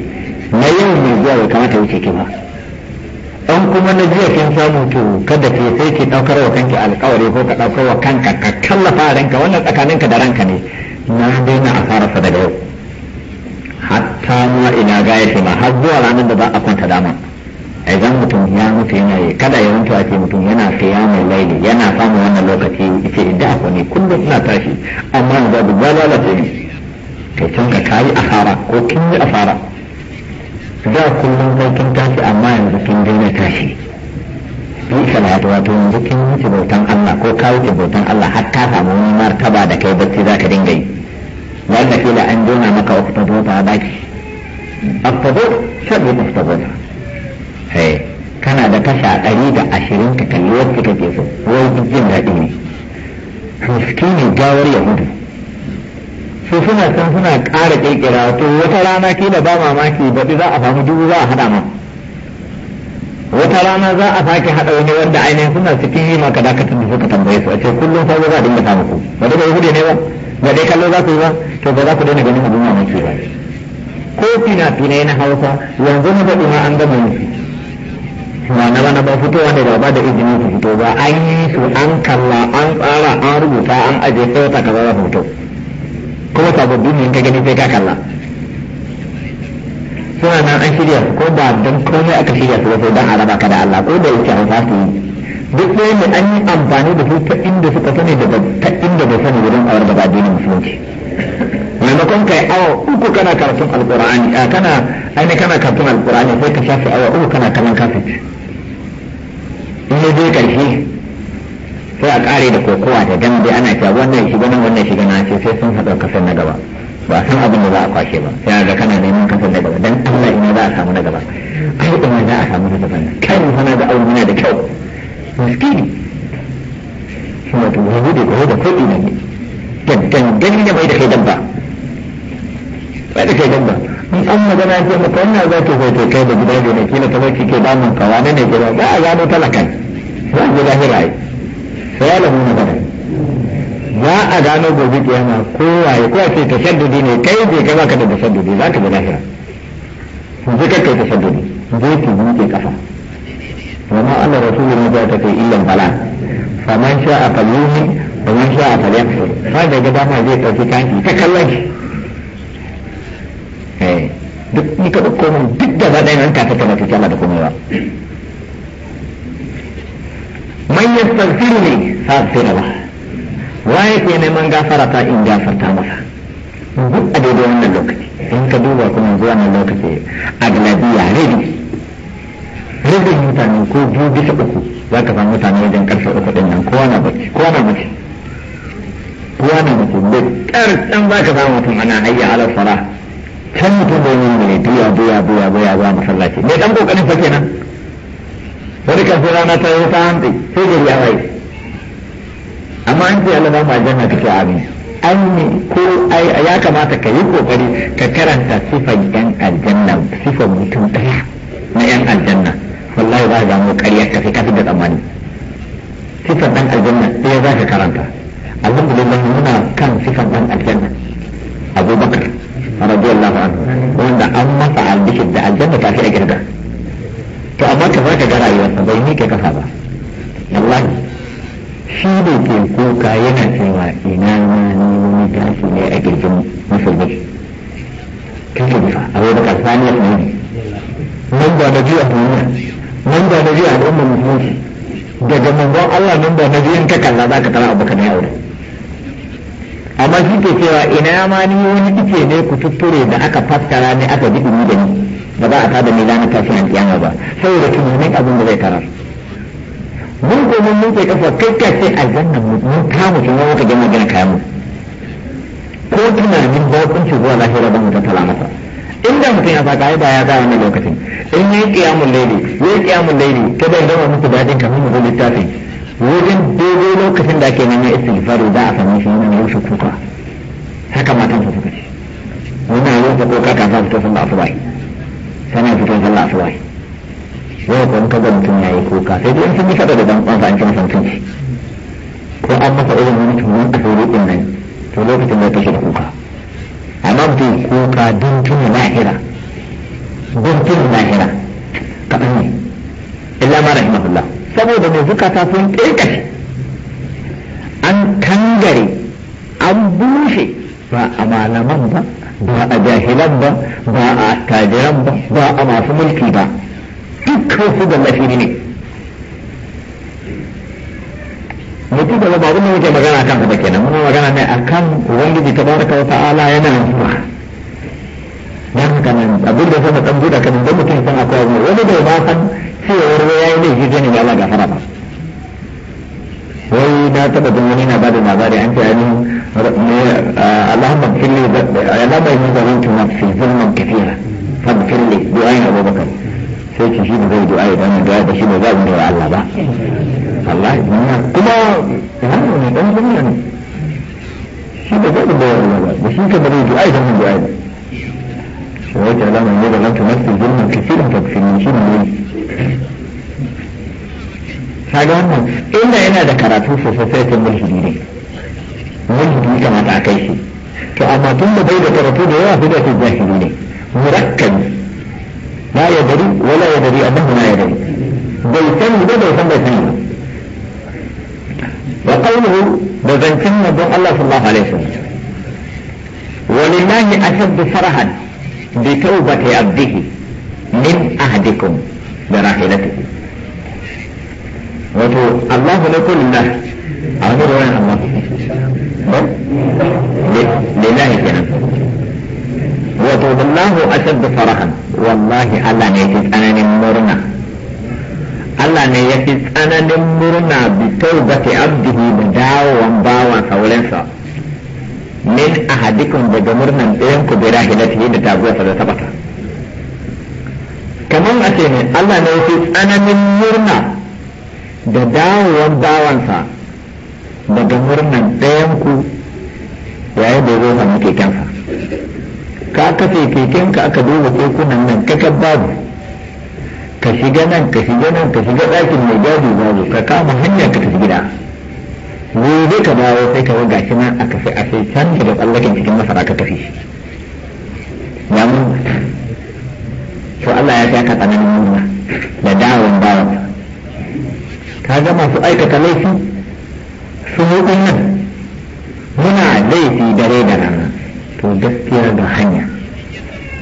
na yau mai zuwa bai kamata wuce ki ba an kuma na jiya kin samu to kada ke sai ki daukar wa kanki alkawari ko ka daukar wa kanka ka kallafa ranka wannan tsakaninka da ranka ne na daina a fara sa daga yau hatta ma ina gaya ma har zuwa ranar da za a kwanta dama. idan mutum ya mutu yana kada ya mutu ake mutum yana mai laili yana samun wannan lokaci ce inda abu ne kullum suna tashi amma yanzu abu ba lalace ne kai can ka kayi asara ko kin yi asara da kullum sai kin tashi amma yanzu kin daina tashi bi salatu wato yanzu kin wuce bautan Allah ko ka wuce bautan Allah har ka samu wani martaba da kai bacci za ka dinga yi wanda kila an jona maka wata ta zo ta daki aftabu shabi aftabu Eh, kana da tasha ɗari da ashirin ka kalli wacce kake so wai duk jin daɗi ne miskinin gawar yahudu su suna san suna ƙara ƙirƙira to wata rana da ba mamaki baɗi za a samu dubu za a haɗa ma wata rana za a sake haɗa wani wanda ainihin suna cikin yi maka dakatar da suka tambaye su a ce kullum sabo za a dinga samu ku ba daga yahudu ne ba ga dai kallo za ku yi ba to ba za ku daina ganin abin mamaki ba ko fina fina na hausa yanzu na baɗi ma an gama nufi ba na ba fitowa da ba da izini su fito ba an yi su an kalla an tsara an rubuta an aje sai wata kaza za fito kuma sababbi ne ka gani sai ka kalla suna nan an shirya su ko ba don komai aka shirya su sai don a raba ka da Allah ko da yake hausa su yi duk ɗaya ne an yi amfani da su ta inda suka sani da ta inda bai sani wurin awar da ba addinin musulunci maimakon kai awa uku kana karatun alkur'ani kana aini kana karatun alkur'ani sai ka shafe awa uku kana kallon kafin in dai karshe sai a kare da kokowa da dambe ana cewa wannan shiga nan wannan shiga na ce sai sun haɗa kasar na gaba ba san abin da za a kwashe ba sai ga kana neman kasar na gaba dan Allah ina za a samu na gaba ai ina za a samu na gaba kai fana da aure na da kyau miskini shi wato wani da ko da kuɗi ne dandan da mai da kai dabba mai da kai dabba in an magana ce maka wannan za ta hoto kai da gida gida kila ta barci ba damun ka wani ne gida za a gano talakan za a ji lahira yi sai ya lamu magana za a gano gobe kiyama kowaye kowa ce tasaddudi ne kai bai kai baka da tasaddudi za ka ji lahira je ka kai tasaddudi je ki buke kafa وما أمر رسول الله ذاتك إلا البلاء فمن شاء فليؤمن ومن شاء فليكفر هذا جبهة زي كان تكلم Eh, duk ni ka dauko min duk gaba ɗaya nan kafin ka mace Allah da komai ba man yastaghfiru li faghfira ba waye ke neman gafara ta in gafarta masa duk a daidai wannan lokaci in ka duba kuma zuwa nan lokaci a galabiya rabi rabin mutane ko biyu bisa uku za ka samu mutane wajen karfe uku din nan ko na bacci ko na mace ko na mace da karsan za ka samu mutum ana hayya ala sala kan mutum da yin ne biya biya biya biya ba masallaci mai dan kokarin fa kenan wani kafin rana ta yi ta hantsi sai da ya wai amma an ce Allah ba mu aljanna kake amin an ko ya kamata ka yi kokari ka karanta sifan yan aljanna sifan mutum daya na yan aljanna wallahi ba ga mu ƙarya ka sai ka fi da tsammani sifan dan aljanna ɗaya za ka karanta alhamdulillah muna kan sifan dan aljanna abubakar radiyallahu wanda an masa albishir da aljanna ta fi a girga to amma ka zaka ga rayuwarsa bai miƙe kafa ba wallahi shi da ke kuka yana cewa ina ma ni wani gashi ne a girgin musulmi kan yi fa a wani bakar sani ya sani nan ba na biyu a duniya nan ba na biyu a daga manzon Allah nan ba na biyu in ka kalla za ka tara abu ka na aure amma shi ke cewa ina ma ni wani ice ne ku tutture da aka fassara ne aka ji dumi da ni ba za a tada mai ranar tashin alƙiyama ba saboda tunanin abin da zai tarar mun ko mun muke kafa kai ka ce aljanna mun kamu kin yi muka gama gina kayan mu ko tunanin ci zuwa lahira ba mu tattala masa inda mutum ya faɗa ai ba ya ga wani lokacin in yi kiyamun laili yi kiyamun laili kada ya zama muku daɗin kamar mu zo littafin wajen daidai lokacin da ake neman istighfari za a sami shi yana rufe kuka haka matan su suka ce wannan rufe kuka kafin fito sallah asuba sana fito sallah asuba yau kuma kaga mutum yi kuka sai dai in sun yi fada da dan kwanza an ci masa mutunci ko an masa irin wani tunan asiri din nan to lokacin da ya take da kuka amma mutum kuka don tuna lahira don tuna lahira kaɗan ne illa ma rahimahullah saboda mai zukata sun ƙirƙashe an kangare an bushe ba a malaman ba ba a jahilan ba ba a attajiran ba ba a masu mulki ba dukkan su da lafiri ne mutum da babu ne muke magana kan ba kenan muna magana ne akan ubangiji tabaraka wa ta'ala yana zuwa dan haka nan abin da zama dan buda kan dan mutum san akwai wani da ba san في عروية إليه جزيني بألا قحرابا وي ما تبت المنين بعد ما ذاري أنت أنهم آه، اللهم اغفر لي اللهم إني ظلمت نفسي ظلما كثيرا فاغفر لي دعاء أبو بكر سيكي شيء بغير دعاء أنا دعاء بشيء بغير من يوعى الله الله إبنى كما يهمني أنا ظلمني شيء بغير دعاء الله بس إنك بغير دعاء أنا دعاء شويت على من يرى لك كثيرا فاغفر kaga wannan inda yana da karatu sosai sai sai mulhidi ne mulhidi kamata a kai shi to amma tun da bai da karatu da yawa sai da shi jahili ne murakkabi la ya dari wala ya dari annahu la ya dari bai sani ba bai san bai sani ba wa qawluhu da zancin manzon Allah sallallahu alaihi wasallam walillahi ashaddu farahan bi tawbati abdihi min ahdikum da rahilatihi wato Allahu ne kullum da a wani ruwan Allah lillahi kenan wato wallahu ashaddu farahan wallahi Allah ne yake tsananin murna Allah ne yake tsananin murna bi taubati abdihi da dawowan bawan sauransa min ahadikum daga murnan ɗayan ku bi rahilatihi da taguwarsa da sabata kamar a ce ne Allah ne yake tsananin murna da dawowar bawansa daga murnan ɗayan ku yayin da zo kekensa ka kafe kekenka aka duba kekunan nan kakar babu ka shiga nan ka shiga nan ka shiga ɗakin mai gadi babu ka kama hanya ka tafi gida gobe ka dawo sai ka waga shi nan a kafe a sai can daga tsallakin cikin masara ka tafi to Allah ya ka tsananin murna da dawon bawa ka ga masu aikata laifi su hukun nan muna laifi dare da rana to gaskiya ga hanya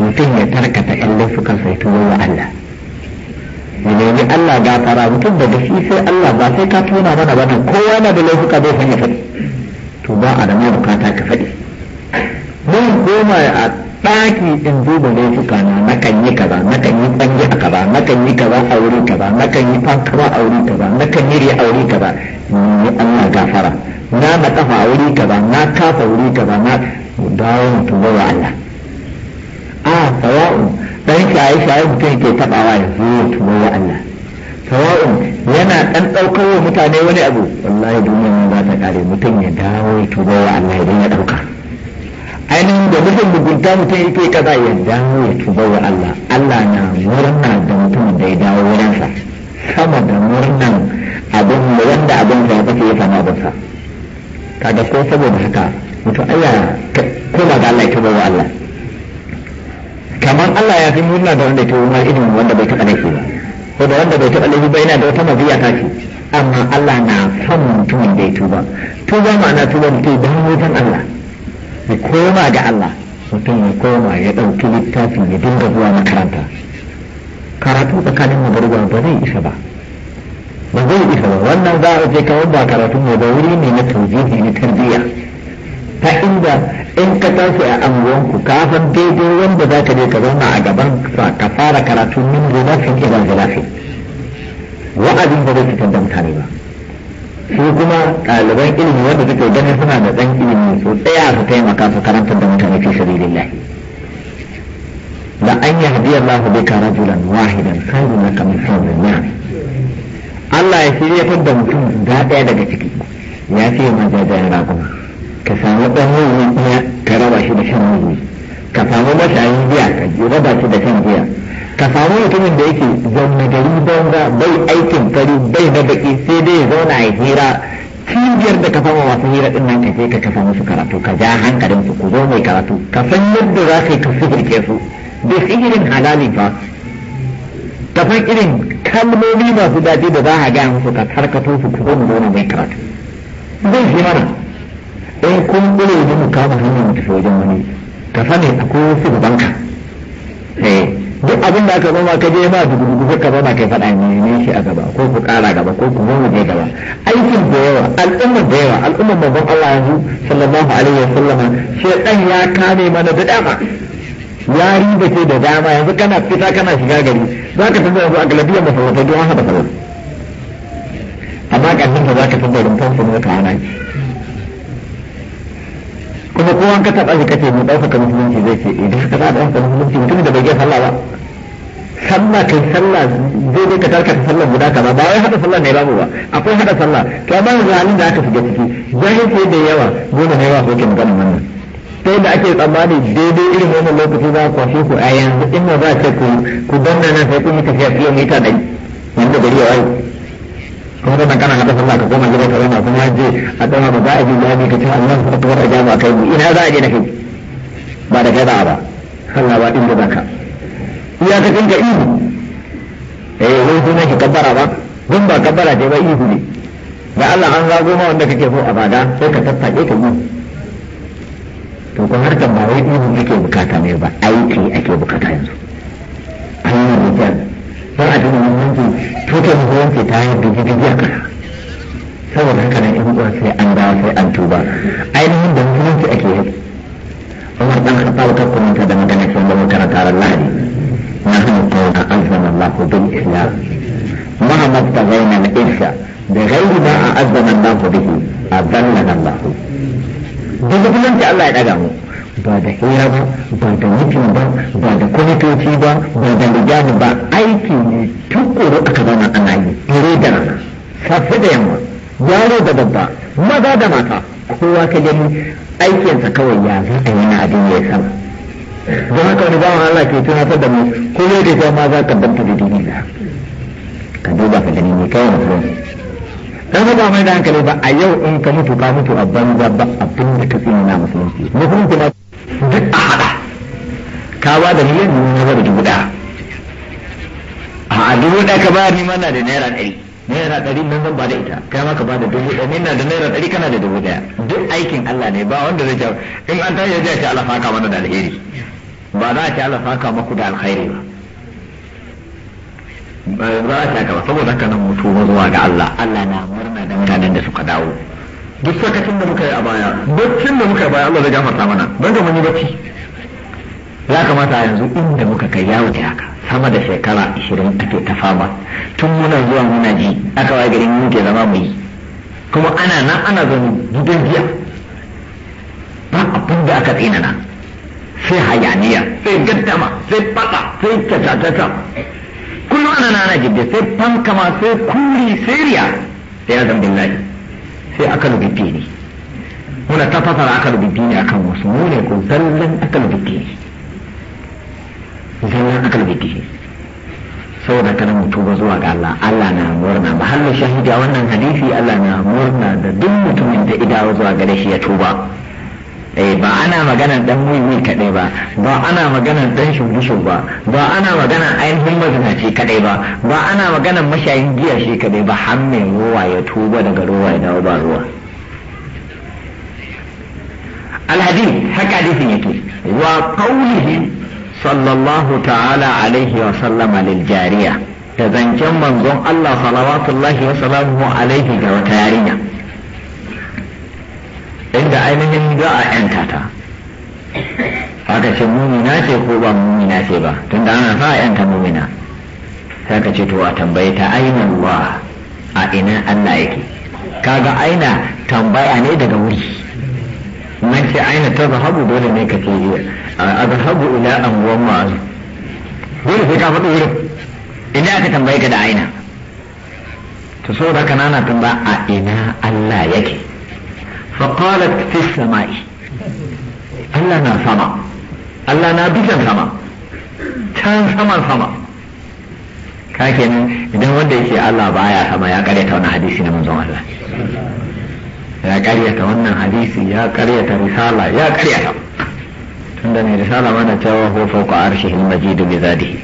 mutum ya tarkata ƴan laifukan sai tuwo wa Allah mu nemi Allah gafara mutum da shi sai Allah ba sai ka tona mana ba kowa na da laifuka bai san faɗi to ba a da ma bukata ka faɗi mun koma a ɗaki din duba laifuka na nakan yi kaza nakan yi tsangi a kaza nakan yi kaza a wuri kaza nakan yi fankama a wuri kaza nakan yi riya a wuri kaza ni Allah gafara na na kafa a wuri kaza na kafa wuri kaza na dawo mutum wa Allah a sawa'un dan shaye shaye mutum ke tabawa ya zo ya tuba wa Allah sawa'un yana dan daukar wa mutane wani abu wallahi duniya ba ta kare mutum ya dawo ya tuba wa Allah idan ya dauka ainihin da nufin mugunta mutum kai kaza ya dawo ya tuba wa Allah Allah na murna da mutum da ya dawo wurinsa sama da murnan abin da wanda abin da ya kace ya fama ba sa kaga ko saboda haka mutum Allah koma ga Allah ya tuba wa Allah kamar Allah ya fi murna da wanda ke wurin ilimin wanda bai taɓa laifi ba ko da wanda bai taɓa laifi ba yana da wata mabiya ta ce amma Allah na son mutumin da ya tuba tuba ma'ana tuba mutum don wutan Allah ya koma ga Allah mutum ya koma ya ɗauki littafin ya dinga zuwa makaranta karatu tsakanin magarba ba zai isa ba ba zai isa ba wannan za a je kawai ba karatu ne ba wuri ne na taujihi na tarbiyya ta inda in ka tashi a anguwanku kafin san daidai wanda za ka je ka zauna a gaban ka fara karatu min zilafin ila zilafin wa'azin ba zai fitar da mutane ba su kuma ɗaliban ilimi wanda suke ganin suna da ɗan ilimi su tsaya su taimaka su karanta da mutane fi sabilillah da an yahdi Allah bika rajulan wahidan khairun laka min sabilillah Allah ya shirya da mutum da ɗaya daga ciki ya fi ma jajayen raguna ka samu ɗan wuri ka raba shi da shan wuri ka samu mashayin biya ka raba shi da shan biya ka samu mutumin da yake zaune gari banza bai aikin fari bai da baki sai dai ya zauna ya hira cibiyar da ka fama masu hira din nan ka je ka kafa musu karatu ka ja hankalin su ku zo mai karatu ka san yadda za ka yi ka sufurke su da sihirin halali ba ka san irin kalmomi masu daɗi da za a gaya musu ka karkato su ku zo mu zauna mai karatu zai shi mana in kun ne mu kama hanyar mu tafi wajen wani ka sani akwai wasu banka. Eh. duk abin da aka zama ka je ma dubu ka zama kai faɗa ne ne shi a gaba ko ku ƙara gaba ko ku zama ne gaba aikin da yawa al'ummar da yawa al'ummar babban Allah yanzu sallallahu alaihi wa sallama dan ya kame mana da dama ya riba ce da dama yanzu kana fita kana shiga gari za ka tambaya yanzu a galabiyar masallatai don haka sallah amma kan nan ba za ka tambaya rumfan ne ka ana kuma ko an ka taɓa shi kace mu ɗaukaka musulunci zai ce idan eh, ka taɓa ɗaukaka musulunci mutumin da bai iya sallah ba sallah kai sallah zai dai ka tarka ta sallah guda kaza ba wai hada sallah ne babu ba akwai hada sallah to amma yanzu halin da aka shiga ciki sai da yawa dole ne ba ko kin ganin wannan sai da ake tsammani daidai irin wannan lokaci za ku kwashe ku a yanzu in ma za ce ku ku danna nan sai kun yi tafiya kilomita ɗari wanda gari ya wayo. wata magana na kasar ka koma gida kare masu kuma je a dama ba za a ji jami ka ce Allah ka tuwar a jama kai mu ina za a je da kai ba da kai ba ba Allah ba inda za ka iya ka tinka ihu eh wai sunan shi kabbara ba dun ba kabbara ce ba ihu ne da Allah an zago ma wanda kake so a bada sai ka tattaje ka yi to harkar ba wai ihu kake bukata ne ba aiki ake bukata yanzu yi a don addini musulunci tutar musulunci ta yi bigi-bigi a saboda haka na yan uwa sai an dawo sai an tuba ainihin da musulunci ake yi umar dan khattab ta kuma da magana sun da mutara tarar lahadi nahnu qawla azzana Allah bil islam ma mafta bayna al irsha da ghairi ma azzana Allah bihi adallana lafi duk musulunci Allah ya daga mu ba da hira ba ba da mutum ba ba da kwamitoci ba ba da lijani ba aiki ne tukuru aka zama ana yi dare da rana safe da yamma yaro da babba maza da mata kowa ka gani aikinsa kawai ya za a yi na abin ya sama don haka wani zama Allah ke tunatar da mu ko ne da zama za ka banta da dini da ka duba ka gani ne kawai mutum dan ba mai da hankali ba a yau in ka mutu ka mutu a banza ba abin da ka tsina na musulunci musulunci na duk a hada ka ba da miliyan dubu na bada dubu ɗaya a dubu ɗaya ka ba ni mana da naira ɗari naira ɗari nan zan ba da ita kai ma ka ba da dubu ɗaya nina da naira ɗari kana da dubu ɗaya duk aikin Allah ne ba wanda zai jawo in an tashi zai ce Allah faka mana da alheri ba za a ce Allah faka maku da alkhairi ba ba za a ce ba saboda haka nan mutu zuwa ga Allah Allah na murna da mutanen da suka dawo duk sakacin da muka yi a baya baccin da muka yi baya Allah zai gafarta mana don ga mani bacci ya kamata a yanzu inda muka kai ya wuce haka sama da shekara 20 ake ta fama tun muna zuwa muna ji aka waye garin ke zama mu yi kuma ana nan ana zan gidan biya ba abin da aka na, sai hayaniya sai gaddama sai fata sai tatatata kullum ana nana gidda sai fankama sai kuri sai riya sai ya billahi sai aka rubuce ne muna ta fasara aka rubuce ne akan wasu mu ne ko zallan aka rubuce ne zallan aka rubuce ne saboda kana mutu ba zuwa ga Allah Allah na murna mahallin shahidi a wannan hadisi Allah na murna da duk mutumin da idawa zuwa gare shi ya tuba eh ba ana magana dan wiwi kadai ba ba ana magana dan shugushu ba ba ana magana ainihin mazinaci kadai ba ba ana magana mashayin giya shi kadai ba har mai ruwa ya tuba daga ruwa ya dawo ba ruwa alhadith haka hadisin yake wa qawlihi sallallahu ta'ala alaihi wa sallama lil jariya da zancen manzon Allah alaihi wa sallam alaihi ga wata yarinya inda ainihin za a yanta ta aka ce mumina ce ko ba mumina ce ba tunda ana sa a yanta mumina sai ka ce to a tambaye ta aina ruwa a ina Allah yake kaga aina tambaya ne daga wuri man ce aina ta zahabu dole ne ka ce a zahabu ila anguwan ma'azu dole sai ka faɗi wurin ina aka tambaye ka da aina to saboda kanana na ba a ina Allah yake فقالت في السماء اللنا سما اللنا بجا سما كان سما سما كاكين إذا ودى شيء الله بايا سما يا كريه تونا حديثي من زمان الله يا كريه تونا حديثي يا كريه رسالة يا كريه عندما رسالة ما نتوه فوق عرشه المجيد بذاته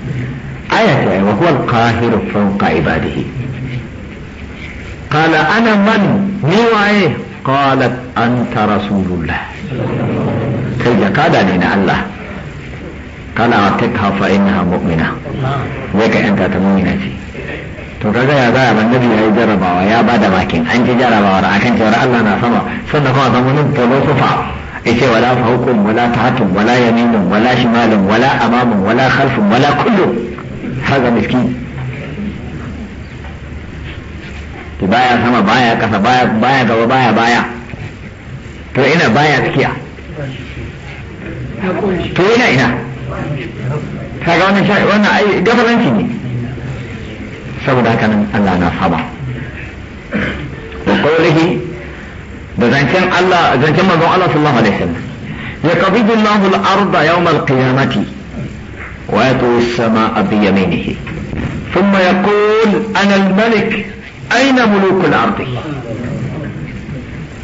آية وهو القاهر فوق عباده قال أنا من نوعه qalat anta rasulullah kai jakada ne na Allah kana ta kafa inna mu'mina wai ka yanta to kaga ya za a annabi ya yi jarabawa ya ba da makin an ci jarabawar akan cewa Allah na sama sannan kuma zama nan filosofa yace wala fawqun wala tahtun wala yaminun wala shimalun wala amamun wala khalfun wala kullu haga miskin to baya sama baya kasa baya baya gaba baya baya to ina baya tsakiya to ina ina kaga wannan wannan ai gafaranci ne saboda haka nan Allah na saba wa qawlihi da zancen Allah zancen manzon Allah sallallahu alaihi wasallam ya qabidu Allahu al-ard yawm يقبض الله الأرض يوم القيامة ويطوي السماء بيمينه ثم يقول أنا الملك aina mulukul ardi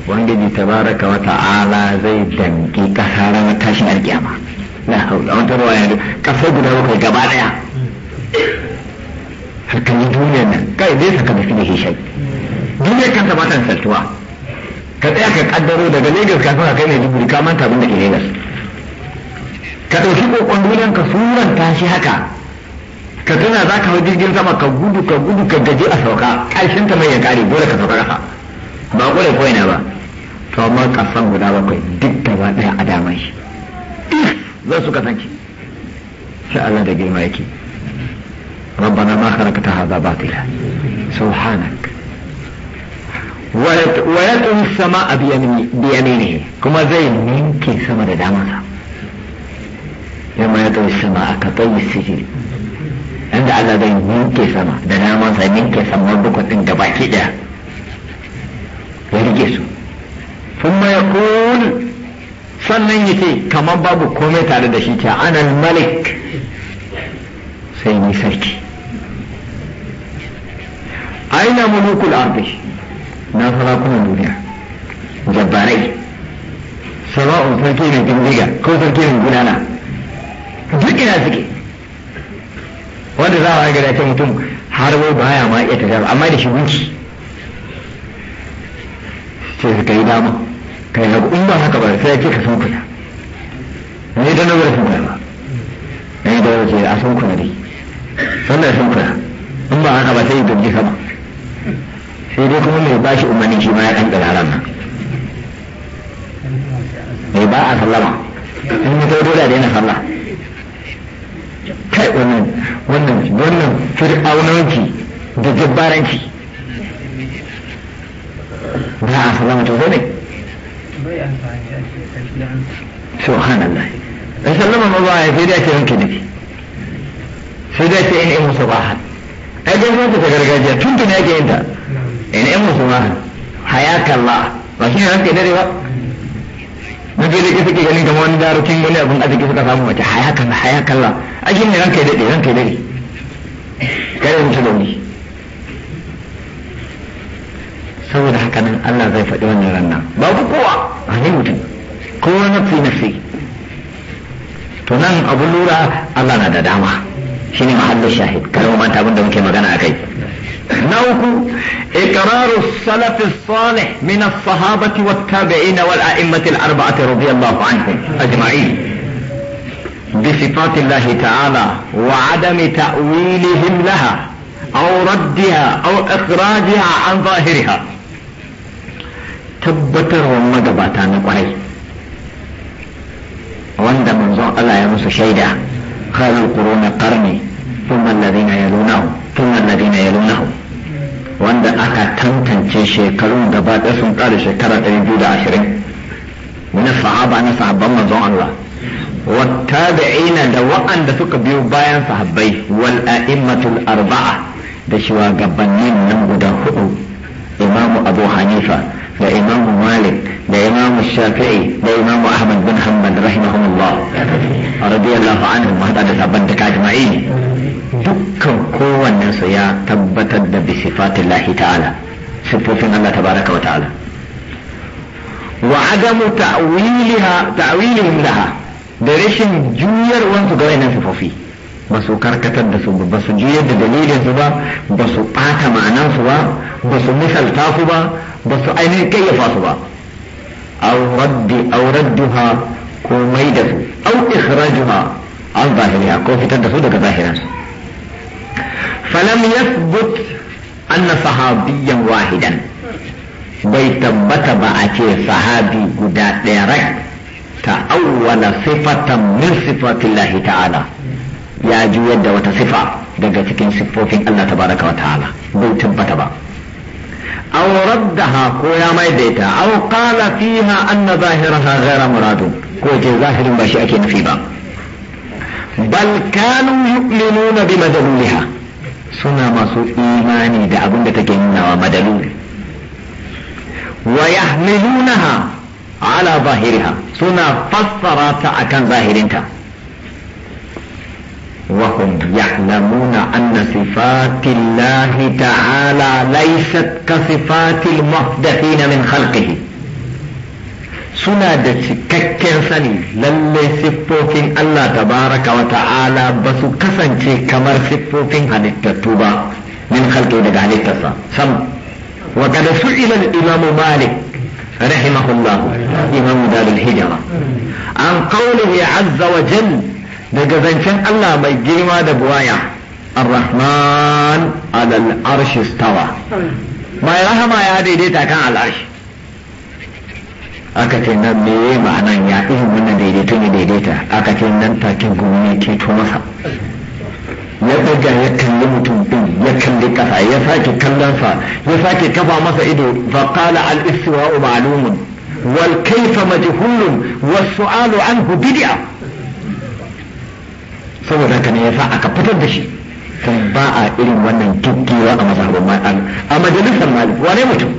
ubangiji tabaraka wa ta'ala zai danki kasa ranar tashin alkiyama na haula wata ruwa yanzu kasa guda bakwai gaba daya harkar yi duniyar nan kai zai saka mafi da hishai duniyar kanta ba ta saltuwa ka tsaya ka kaddaro daga lagos kafin a kai ne duburi ka manta abin da ke lagos ka ɗauki kokon duniyar ka suran tashi haka ka tuna za ka hau jirgin sama ka gudu ka gudu ka gaji a sauka ƙarshen ta mai ya kare dole ka sauka ƙasa ba ƙure ko ina ba to amma ƙasan guda bakwai duk gaba ɗaya a daman shi za su kasance sai Allah da girma yake ربنا ما خلقت هذا باطلا سبحانك ويطوي السماء بيمينه كما زي منك سما دامسا يوم يطوي ka كطي السجل inda Allah zai ninke sama da naman sa ninke sama duka din gaba ki daya ya rike su sun ma yaqul sannan ce kamar babu komai tare da shi ta anal malik sai ni sarki aina mulukul ardi na sarakunan duniya jabbarai sama'un sarki ne dindiga ko sarki ne gudana duk ina suke wanda za a gari ta mutum har wai baya ma iya tafiya amma da shi gunki sai su kai dama kai hagu in ba haka ba sai ce ka sun kuna ne da nazar sun kuna ba ne da ce a sun kuna dai sannan sun kuna in ba haka ba sai ya gaji sama sai dai kuma mai bashi umarni shi ma ya kan ƙiraran nan mai ba a sallama in mutum dole da yana sallama kai wannan wannan wannan fir'aunanki da jabbaranki ba a salama to subhanallah sallama ma ba ya sai da ce sai da ce in ai dan zanta ta gargajiya tun tun yake yin ta hayakallah ba shi dare ba na bai da suke ganin kamar wani darukin wani abin arziki suka samu mace haya kalla haya kalla a shi ne ranka ya daɗe ranka ya daɗe kare mutu da wuri saboda haka nan Allah zai faɗi wannan ranar babu kowa a ne mutum kowa na fi nafsi to nan abu lura Allah na da dama shine mahallin shahid kar mu manta abin da muke magana a kai. نوكو اقرار السلف الصالح من الصحابة والتابعين والائمة الاربعة رضي الله عنهم اجمعين بصفات الله تعالى وعدم تأويلهم لها او ردها او اخراجها عن ظاهرها تبتر ومدبات عن القرية وند منظر الله يمس شيدا خير القرون قرني ثم الذين يلونهم ثم الذين يلونهم wanda aka tantance shekarun gaba ɗaya sun kara shekara ɗari biyu da ashirin na sahaba na sahabban manzon Allah wattabi'ina da wa'anda suka biyo bayan sahabbai wal a'immatul arba'a da shugabannin nan guda hudu imamu abu hanifa ده إمام مالك ده إمام الشافعي ده إمام أحمد بن حنبل رحمهم الله رضي الله عنهم وهذا ده سبنتك أجمعين dukkan kowannensu ya tabbatar da bisifatin lahi ta'ala siffofin Allah tabaraka wa ta'ala wa adamu ta'wilihim laha da rashin juyarwansu ga wayannan siffofi ba su karkatar da su ba ba su juyar da dalilin su ba ba su ɓata ma'anar su ba ba su misalta su ba ba su ainihin kayyafa su ba auradduha ko mai da su au ikhrajuha an zahiriya ko fitar da su daga zahirin su falam but anna sahabiyyan wahidan bai tabbata ba a ce sahabi guda ɗaya rak ta'awwala sifatan min sifatillahi ta'ala ya juyar da wata sifa daga cikin siffofin Allah tabaraka wa ta'ala bai tabbata ba aw raddaha ko ya maidaita aw qala fiha anna zahiraha ghayra muradu ko ce zahirin ba shi ake nufi ba bal kanu yu'minuna bi madaluliha suna masu imani da abin da take nunawa madalul wa yahmilunaha ala zahiriha suna fassara ta akan zahirinta وهم يعلمون أن صفات الله تعالى ليست كصفات المحدثين من خلقه سنادت ككين سني للي سفوكين الله تبارك وتعالى بس كسن شي كمر سفوكين هن التوبة من خلقه نقالي كسن سم وقد سئل الإمام مالك رحمه الله إمام دار الهجرة عن قوله عز وجل daga zancen Allah mai girma da buwaya ar-rahman alal arshi stawa mai rahama ya daidaita kan al'arshi aka ce nan me ma'anan ya irin wannan daidaito ya daidaita aka ce nan take gumi ke to masa ya daga ya kalli mutum din ya kalli kasa ya sake kallonsa ya sake kafa masa ido fa qala al istiwa'u ma'lumun wal kayfa majhulun was su'alu anhu bid'a saboda haka ne yasa aka fitar da shi kan ba a irin wannan kikkiwa a mazhabin maliki a majalisar maliki wane mutum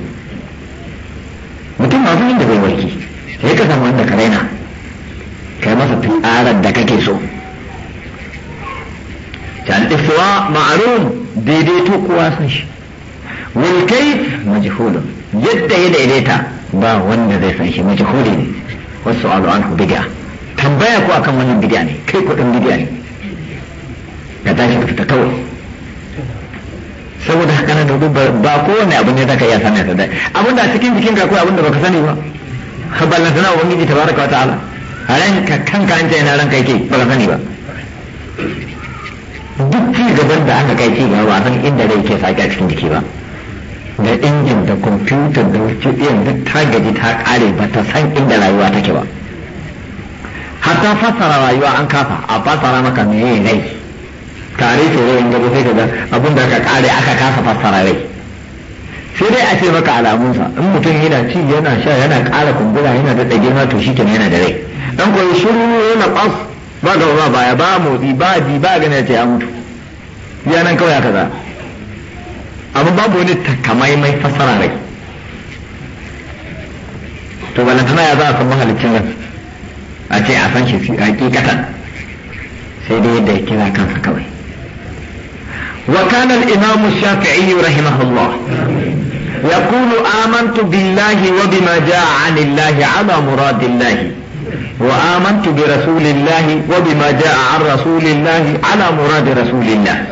mutum masu yin da bai warki sai ka samu wanda ka raina kai masa tsarar da kake so kan iswa ma'arun daidaito kowa sun shi wulkai majhul yadda ya daidaita ba wanda zai san shi majhul ne wasu alu'an bid'a tambaya ko akan wannan bid'a ne kai kudin bid'a ne ka tashi ka fita kawai saboda haka nan ba kowane abu ne za ka iya sani da abinda a cikin jikin ka ko abinda baka sani ba ka ballanta ta ubangiji tabaraka wa ta'ala ranka kanka an ce yana ranka yake ka sani ba duk ci gaban da aka kai ci gaba ba san inda rai ke sake a cikin jiki ba da injin da kwamfutar da wuce ɗin duk ta gaji ta ƙare ba ta san inda rayuwa take ba hatta fassara rayuwa an kafa a fassara maka meye rai tare tsoro in gaba sai kaga abin da aka kare aka kasa fassara rai sai dai a ce maka alamunsa in mutum yana ci yana sha yana kara kumbura yana da girma to shi yana da rai dan koyi shiru yana kwas ba gaba baya ba motsi ba ji ba gane ce ya mutu ya nan kawai aka za amma babu wani mai fassara rai to balantana ya za a san mahalicin rai a ce a san shi a hakikatan sai dai yadda ya kira kansa kawai وكان الإمام الشافعي رحمه الله يقول آمنت بالله وبما جاء عن الله على مراد الله وآمنت برسول الله وبما جاء عن رسول الله على مراد رسول الله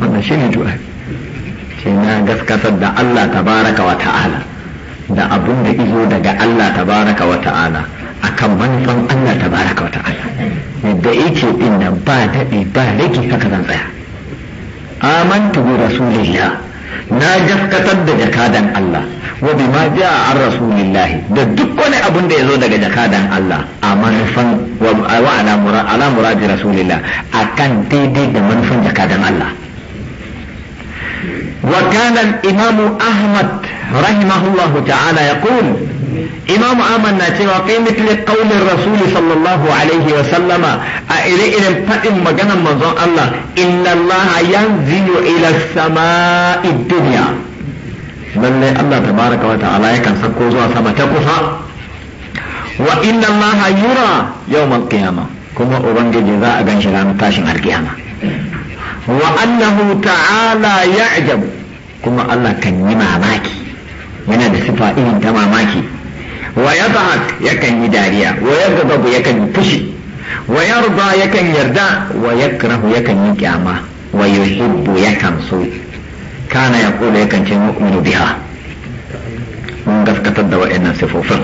wannan shi ne juwa ce na gaskatar da Allah tabaraka wa ta'ala da abun da izo daga Allah tabaraka wa ta'ala akan manufan Allah ta baraka wata ala yadda yake din nan ba daɗi ba rage haka zan tsaya amantu bi rasulillah na gaskatar da jakadan Allah wa ma ja'a an rasulillah da duk wani abun da yazo daga jakadan Allah a manufan wa ala murad rasulillah akan daidai da manufan jakadan Allah وكان الإمام أحمد رحمه الله تعالى يقول إمام أحمد ناتي وقيمة قول الرسول صلى الله عليه وسلم أئرئ إلم فإن مجانا منظر الله إن الله ينزل إلى السماء الدنيا لله الله تبارك وتعالى يكن سكوزوا سما تقصى وإن الله يرى يوم القيامة كما أبنجي ذا أغنشي لان تاشن القيامة وأنه تعالى يعجب kuma Allah kan yi mamaki yana da sifa irin ta mamaki wa ya yakan yi dariya wa ya gababu yakan yi fushi wa yarda yakan yarda wa yakrahu yakan yi kyama wa yuhibbu yakan so kana ya kula yakan ce mu'minu biha mun gaskatar da wa'annan sifofin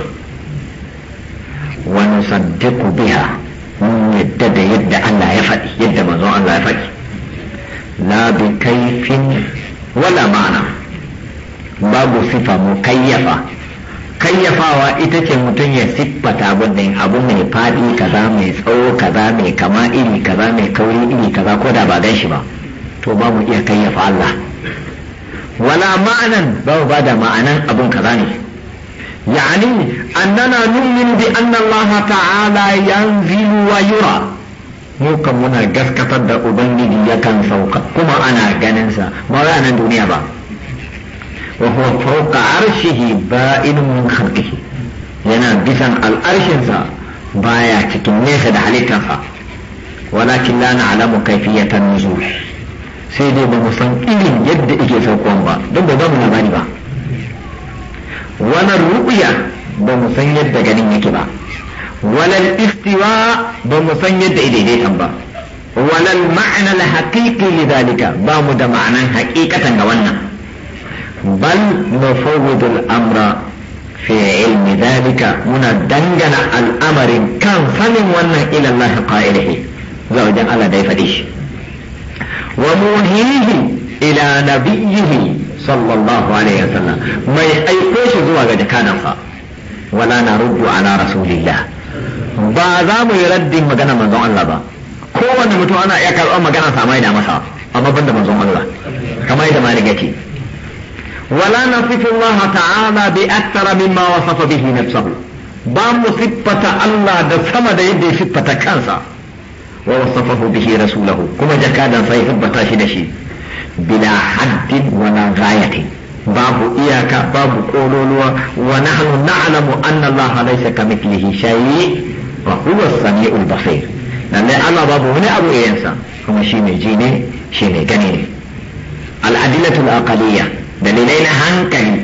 wa nusaddiqu biha mun yadda da yadda Allah ya faɗi yadda manzon Allah ya faɗi la bi kaifin wala ma'ana babu sifa mu kayyafa kayyafawa ita ce mutum ya siffata abin abu mai faɗi kaza mai tsawo kaza mai kama iri kaza mai kauri iri kaza ko da ba gan shi ba to ba mu iya kayyafa Allah wala ma'anan ba mu bada ma'anan abun kaza ne yani annana nu'min bi annallaha ta'ala yanzilu wa yura mu muna gaskatar da ubangiji kan sauka kuma ana ganin sa ba wai anan duniya ba wa huwa fawqa arshihi ba'inun min khalqihi yana bisan al'arshin sa baya cikin nesa da halittarsa walakin la na'lamu kayfiyatan nuzul sai dai ba mu san irin yadda yake saukon ba duk ba mu labari ba wannan ru'ya ba mu san yadda ganin yake ba walal istiwa ba mu san yadda kan ba walal ma'anar haƙiƙi lidalika ba mu da ma'anan haƙiƙatan ga wannan bal nufawwidul amra fi ilmi dalika muna dangana al'amarin kan sanin wannan ila Allah qa'ilahi za wajen Allah da ya faɗi shi wa muhihi ila nabiyyihi sallallahu alaihi wasallam mai aiko shi zuwa ga jakadansa wala naruddu ala rasulillah ba za mu yi raddin magana manzon Allah ba kowane mutum ana iya karɓar magana sa mai da masa amma ban da manzon Allah kamar yadda mai rigaki wala nasifu Allah ta'ala bi akthara mimma wasafa bihi nafsuhu ba mu siffata Allah da sama da yadda ya siffata kansa wa wasafahu bihi rasulahu kuma jakadan sai hubbata shi da shi bila haddin wala ghayatin babu iyaka babu kololuwa wa nahnu na'lamu anna Allah laysa kamithlihi shay'in fa huwa sami'ul basir lalle Allah babu wani abu yayansa kuma shi mai ji shi mai gani ne al'adilatul aqaliyya dalilai na hankali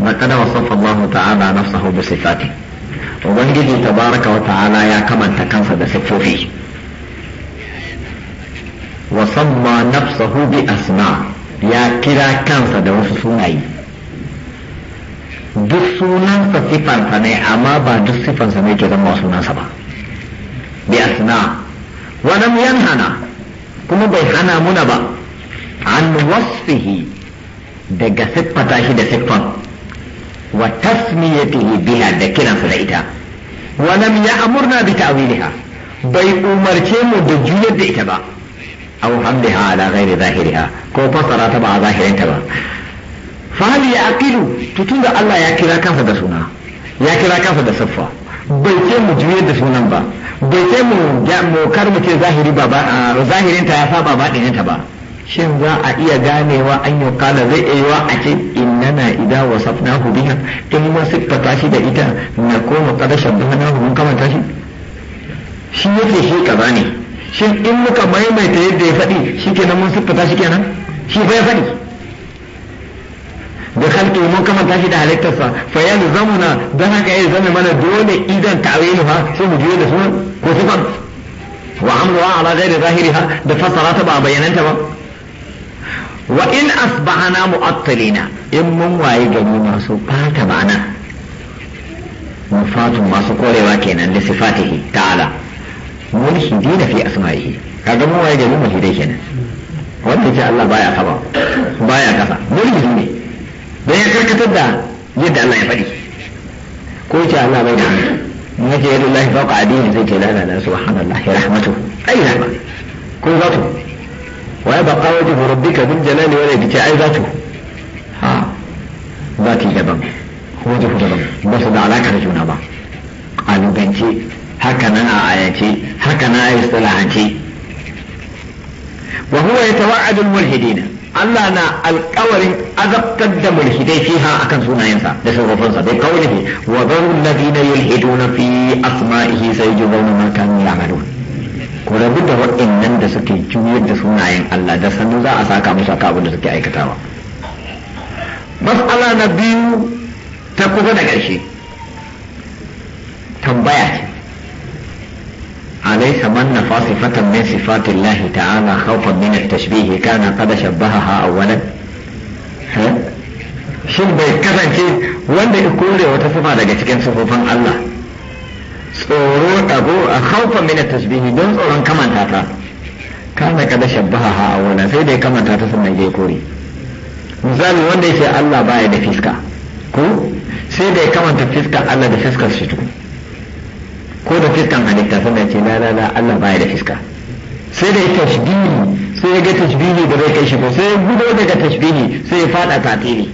لقد وصف الله تعالى نفسه بصفاته وبنجي تبارك وتعالى يا كما تكنف بصفوفي وسمى نفسه بأسماء يا da wasu دوسوني duk sunansa sifansa ne amma ba duk sifansa ne ke zama sunansa ba bi asna wa lam yanhana kuma bai hana muna ba an wasfihi daga siffata shi da siffan wa tasmiyatihi biha da kiransa da ita wa lam ya'murna bi ta'wiliha bai umarce mu da juyar da ita ba aw hamdiha ala ghairi zahiriha ko fasara ta ba a zahirinta ba fahal ya aqilu to tunda Allah ya kira kansa da suna ya kira kansa da siffa bai ce mu juye da sunan ba bai ce mu mu kar mu ce zahiri ba zahirin ta ya saba ba din ta ba shin za a iya ganewa an yi kala zai iya yiwa a ce innana wasaf na biha in mun siffata shi da ita na koma kadashin bana mun kamanta shi shi yake shi kaza ne shin in muka maimaita yadda ya faɗi shi kenan mun siffata shi kenan shi fa ya faɗi da khalqi mun kama shi da halittarsa fa zamuna dan haka ya zama mana dole idan ta'wilu ha sai mu biyo da sunan ko sifan wa amruha ala ghairi zahiriha da fassara ta ba bayananta ba wa in asbahana mu'attalina in mun waye gamu masu bata bana mafatu masu korewa kenan da sifatihi ta'ala mun mulhidina fi asma'ihi kaga mun waye gamu gari mulhidai kenan wanda ce Allah baya kaba baya kasa mulhidi ne don ya karkatar da yadda Allah ya faɗi ko ce Allah bai da hannu ya ce yadda Allah ya fauka addini sai ce lalala subhanallah ya rahmatu ai rahma ko za to wa ya baqa wajhu rabbika bil jalali wal ikram ai za to ha za ki daban wajhu daban ba su da alaka da juna ba a lugance haka nan a ayace haka nan a istilahance wa huwa yatawa'adu al mulhidina Allah na alkawarin azabtar da mulhidai ha akan sunayensa da shugabansa bai kawai ne wa zaru alladhina yulhiduna fi asma'ihi sayajzawna ma kanu ya'malun ku rabu da waɗannan da suke juyar da sunayen Allah da sannu za a saka musu aka abin da suke aikatawa mas'ala na biyu ta kuma da ƙarshe tambaya ce عليس من نفى صفة من صفات الله تعالى خوفا من التشبيه كان قد شبهها أولا shin bai kasance wanda ya kore wata sifa daga cikin sufofin Allah tsoro ɗago a haufa mina tasbihi don tsoron kamanta ta kana kada shabbaha ha awala sai dai kamanta ta sannan ya kore misali wanda ya ce Allah baya da fiska ko sai dai kamanta fiska Allah da fiskar shi tukun ko da fiskan halitta sannan ce la la la Allah baya da fiska sai da tashbihi sai ya ga tashbihi da bai kai shi ba sai ya gudo daga tashbihi sai ya fada tatili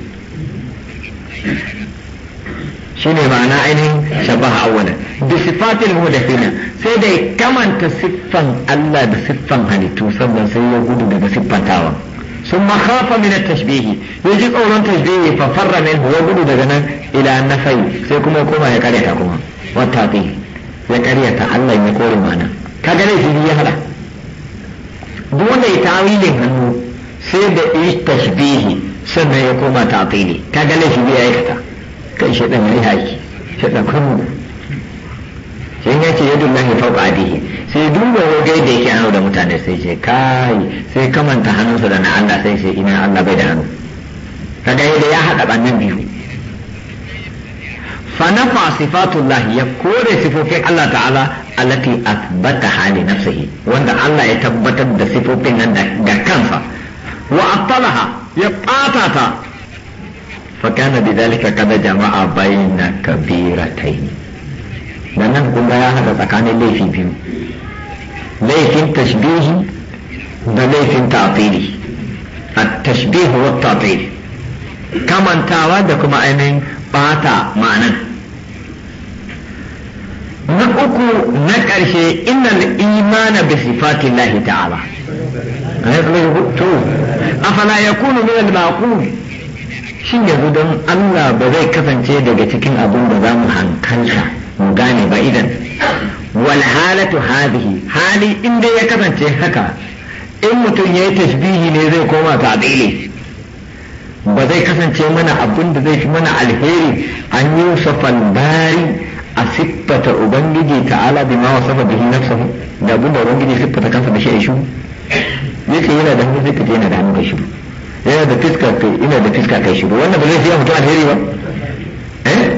shine ma'ana ainihin shabaha awwala bi sifatil mudathina sai da kamanta siffan Allah da siffan halittu sannan sai ya gudu daga siffantawa ثم خاف من التشبيه يجي قولون تشبيه ففر منه وقلوا دغنا إلى النفي سيكون يكون هيك عليها كما والتعطيل ya karyata Allah ya kore mana ka gane shi ya hada duk wanda ya tawilin hannu sai da yi tashbihi sannan ya koma ta'tili ka gane shi ya aikata kai shi dan mai haki shi dan kunu sai ya ce yadullahi fawqa adihi sai duba waje da yake hannu da mutane sai ce kai sai kamanta hannunsa da na Allah sai sai ina Allah bai da hannu kaga yadda ya haɗa bannan biyu فنفى صفات الله يقول صفوفين الله تعالى التي أثبتها لنفسه وأن الله يثبت صفوفين عند كنفة وأبطلها يقاطعها فكان بذلك قد جمع بين كبيرتين لأنه قلنا يا هذا تكاني ليفي بهم ليفي تشبيه ده ليفي تعطيلي التشبيه والتعطيل كما انتعوا ده كما أمين bata ma'anan na uku na ƙarshe innal imana bi sifatillahi ta'ala kuna yakunu da al shi shin yanzu don Allah ba zai kasance daga cikin abin da za mu hankalta mu gane ba idan wal halatu hadhihi hali in dai ya kasance haka in mutum ya yi tasbihi ne zai koma tabili ba zai kasance mana abin da zai fi mana alheri an yi safan bari a siffata ubangiji ta'ala bi ma wasafa bihi nafsahu da abin da ubangiji siffata kansa da shi a shi yace yana da hannu zai yana da hannu kai shi yana da fiska kai yana da fiska kai shi wannan ba zai fiya mutum alheri ba eh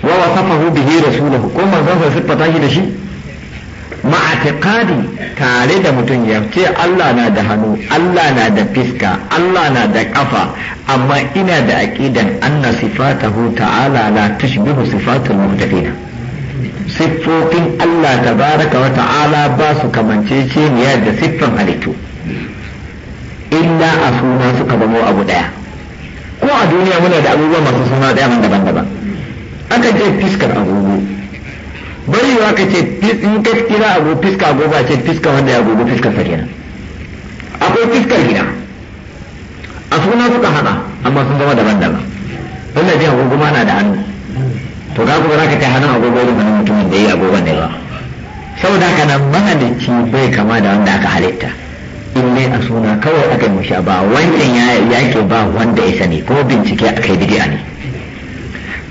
wa wasafahu bihi rasuluhu ko manzon sa siffata shi da shi ma'atikadi tare da mutum ya ce Allah na da hannu Allah na da fiska Allah na da ƙafa, amma ina da aqidan anna sifatahu ta'ala la tashbihu sifatul muhtadina siffofin Allah tabaraka wa ta'ala ba su kamance ce da siffan halittu illa a suna suka zama abu daya ko a duniya muna da abubuwa masu suna daya daban-daban aka ce fiskar agogo bari yiwa ka ce in ka kira abu fiska goba ce fiska wanda ya gobe fiskar sa kenan akwai fiskar gida a suna suka hana amma sun zama daban-daban wanda ji agogo ma na da hannu to ga kuma za ka ce hannun agogo irin wani mutumin da ya yi agogo ne ba saboda haka nan mahalicci bai kama da wanda aka halitta in dai a suna kawai aka yi mushi ba wancan ya ke ba wanda ya sani ko bincike aka yi bidi'a ne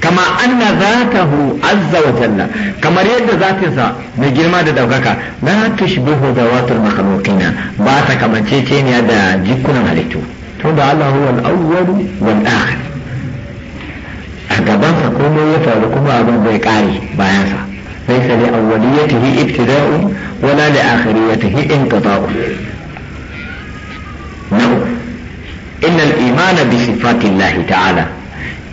كما أن ذاته عز وجل كما يد ذاته نجرما دا دوغاكا لا تشبه ذوات المخلوقين باتا كما تشيكين دا جيكونا مالتو تودا الله هو الأول والآخر أقبان فقوم يفعلكم أبن بيقاري بيانسا ليس لأوليته ابتداء ولا لآخريته انقطاع نو نعم. إن الإيمان بصفات الله تعالى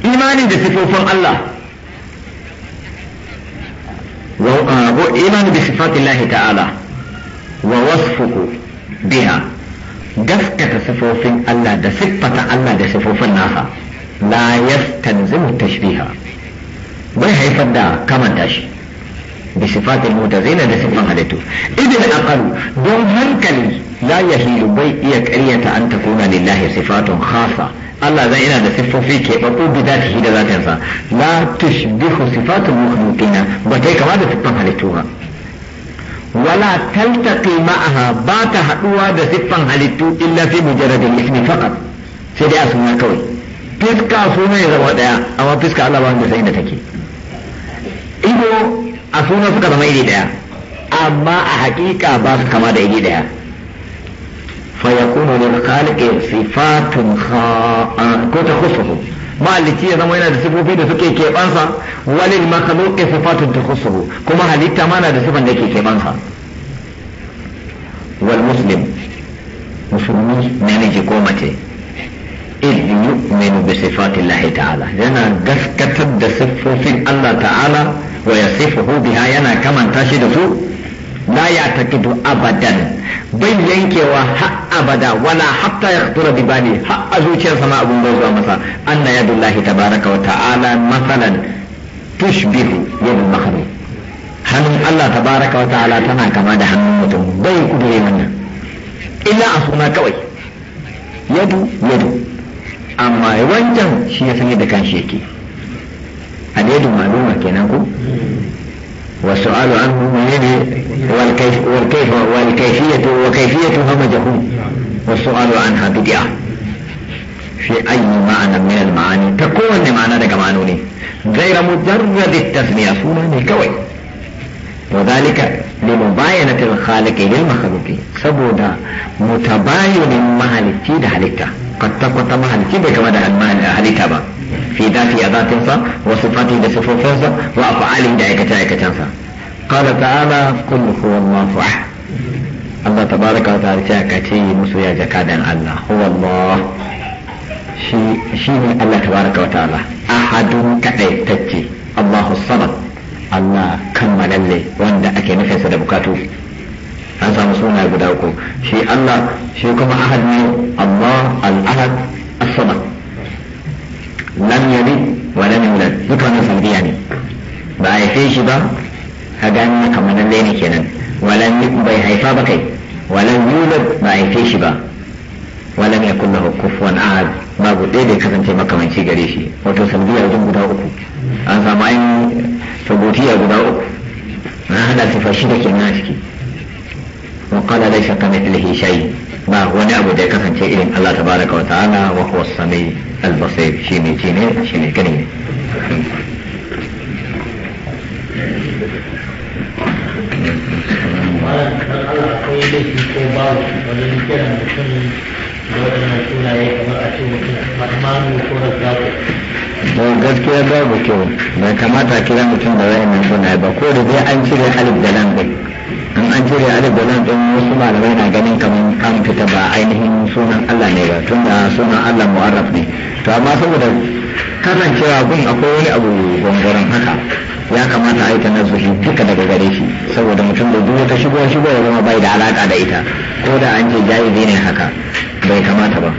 imani da sifofin Allah uh, imani da sifatin Allah ta'ala wa wasfuku biha gaskata sifofin Allah da siffata Allah da sifofin nasa la yastanzimu tashbiha bai haifar da kamanta shi bi sifatil mutazina da sifan halittu idil aqalu don hankali la yahilu bai iya ƙaryata an takuna lillahi sifatun khasa Allah zai yana da siffofi ke babu bi zatihi da zatinsa la tushbihu sifatul makhluqina ba ta kama da siffan halittu ba wala taltaqi ma'aha ba ta haduwa da siffan halittu illa fi mujarradil ismi faqat sai dai a suna kawai fiska suna ya zama daya amma fiska Allah ba wanda sai da take ido a suna suka zama iri daya amma a hakika ba su kama da iri daya fayakunu lil khaliqi sifatun ko ta khusuhu mahalicci ya zama yana da sifofi da suke keɓansa walil makhluqi sifatun ta khusuhu kuma halitta ma na da sifan da ke keɓansa wal muslim musulmi namiji ko mace إذ يؤمن بصفات الله تعالى لأن قسكت الدسف في الله تعالى wa yasifuhu biha yana kamanta shi da su la ya taqidu abadan bai yankewa ha abada wala hatta yaqtura bi bali ha a sama abun zuwa masa anna yadullahi tabaraka wa ta'ala masalan tushbihu yadul mahrum hannun Allah tabaraka wa ta'ala tana kama da hannun mutum bai kudure mana illa a suna kawai yadu yadu amma wancan shi ya da yadda kanshi yake عديد معلومة كنكو والسؤال عنه منين والكيف والكيف والكيفية وكيفيتها مجهول والسؤال عنها بدعة في أي معنى من المعاني تكون معنى دك معنوني غير مجرد التسمية سورة الكوي وذلك لمباينة الخالق للمخلوق سبودا متباين مهلتي دهلتا قد تقطع تقوت مهلتي بكما دهل مهلتا بقى في ذاته ذاتنسا وصفاته بصفوفنسا وأفعاله دعيكة عيكتنسا قال تعالى قل هو الله أحد الله تبارك وتعالى كتي مسو يا جكادا الله هو الله شيء الله تبارك وتعالى أحد كأيتتي الله الصمد الله كمل لي وأن أكي نفسه لبكاته an samu suna guda uku shi Allah shi kuma ahad ne Allah al-ahad as-samad lam yalid wa lam yulad duka musulmiya ne ba a haife shi ba a gani na kamar ne kenan walam bai haifa ba kai walam yulad ba a haife shi ba walam ya kulla kufuwan ahad babu ɗaya da kasance makamanci gare shi wato sanadiyar wajen guda uku an samu ayin tubutiyar guda uku na hada sifar shida kenan a ciki wa qala laysa kamithlihi shayi. ba wani abu da ya kasance irin Allah tabaraka wa ta'ala wa huwa sami al-basir shi ne ji ne shi ne gani ne da waɗannan sunaye kamar a ce mutum ko to gaskiya babu kyau bai kamata kira mutum da rai nan suna ba ko da dai an cire alif da nan din an an cire alif da nan din wasu malamai na ganin kamar an fita ba ainihin sunan Allah ne ba tunda sunan Allah mu'arraf ne to amma saboda kasancewa gun akwai wani abu gwangwaran haka ya kamata a yi ta nazari duka daga gare shi saboda mutum da duk ta shigo shigo ya zama bai da alaka da ita ko da an ce jayi ne haka bai kamata ba.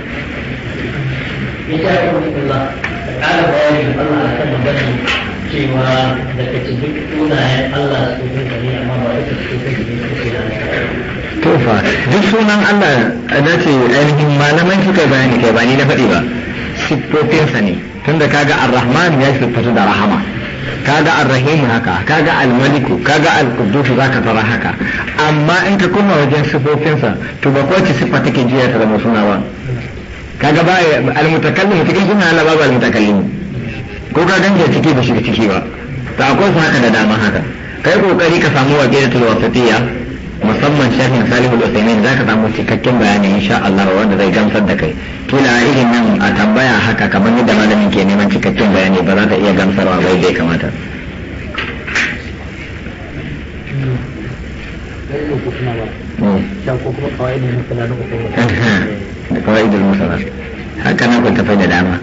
bayanin Allah akan cewa daga cikin sunayen Allah su amma ba duka su su tofa duk sunan Allah na ce ainihin malaman suka bayani kai ba ni na faɗi ba siffofinsa ne tunda kaga ar-rahman ya siffatu da rahama kaga ar-rahim haka kaga al-maliku kaga al za ka fara haka amma in ka koma wajen sifofinsa to ba kowace siffa take jiya ta zama suna ba kaga ba almutakallim cikin sunna Allah babu almutakallim ko ka ganje ciki ba shiga ciki ba to akwai su haka da dama haka kai kokari ka samu wa gidatul wasatiyya musamman shafin al usaimin za ka samu cikakken bayani insha Allah wanda zai gamsar da kai kila irin nan a tambaya haka kamar yadda malamin ke neman cikakken bayani ba za ka iya gamsarwa ba yadda ya kamata you. da haka na kwanta tafai da dama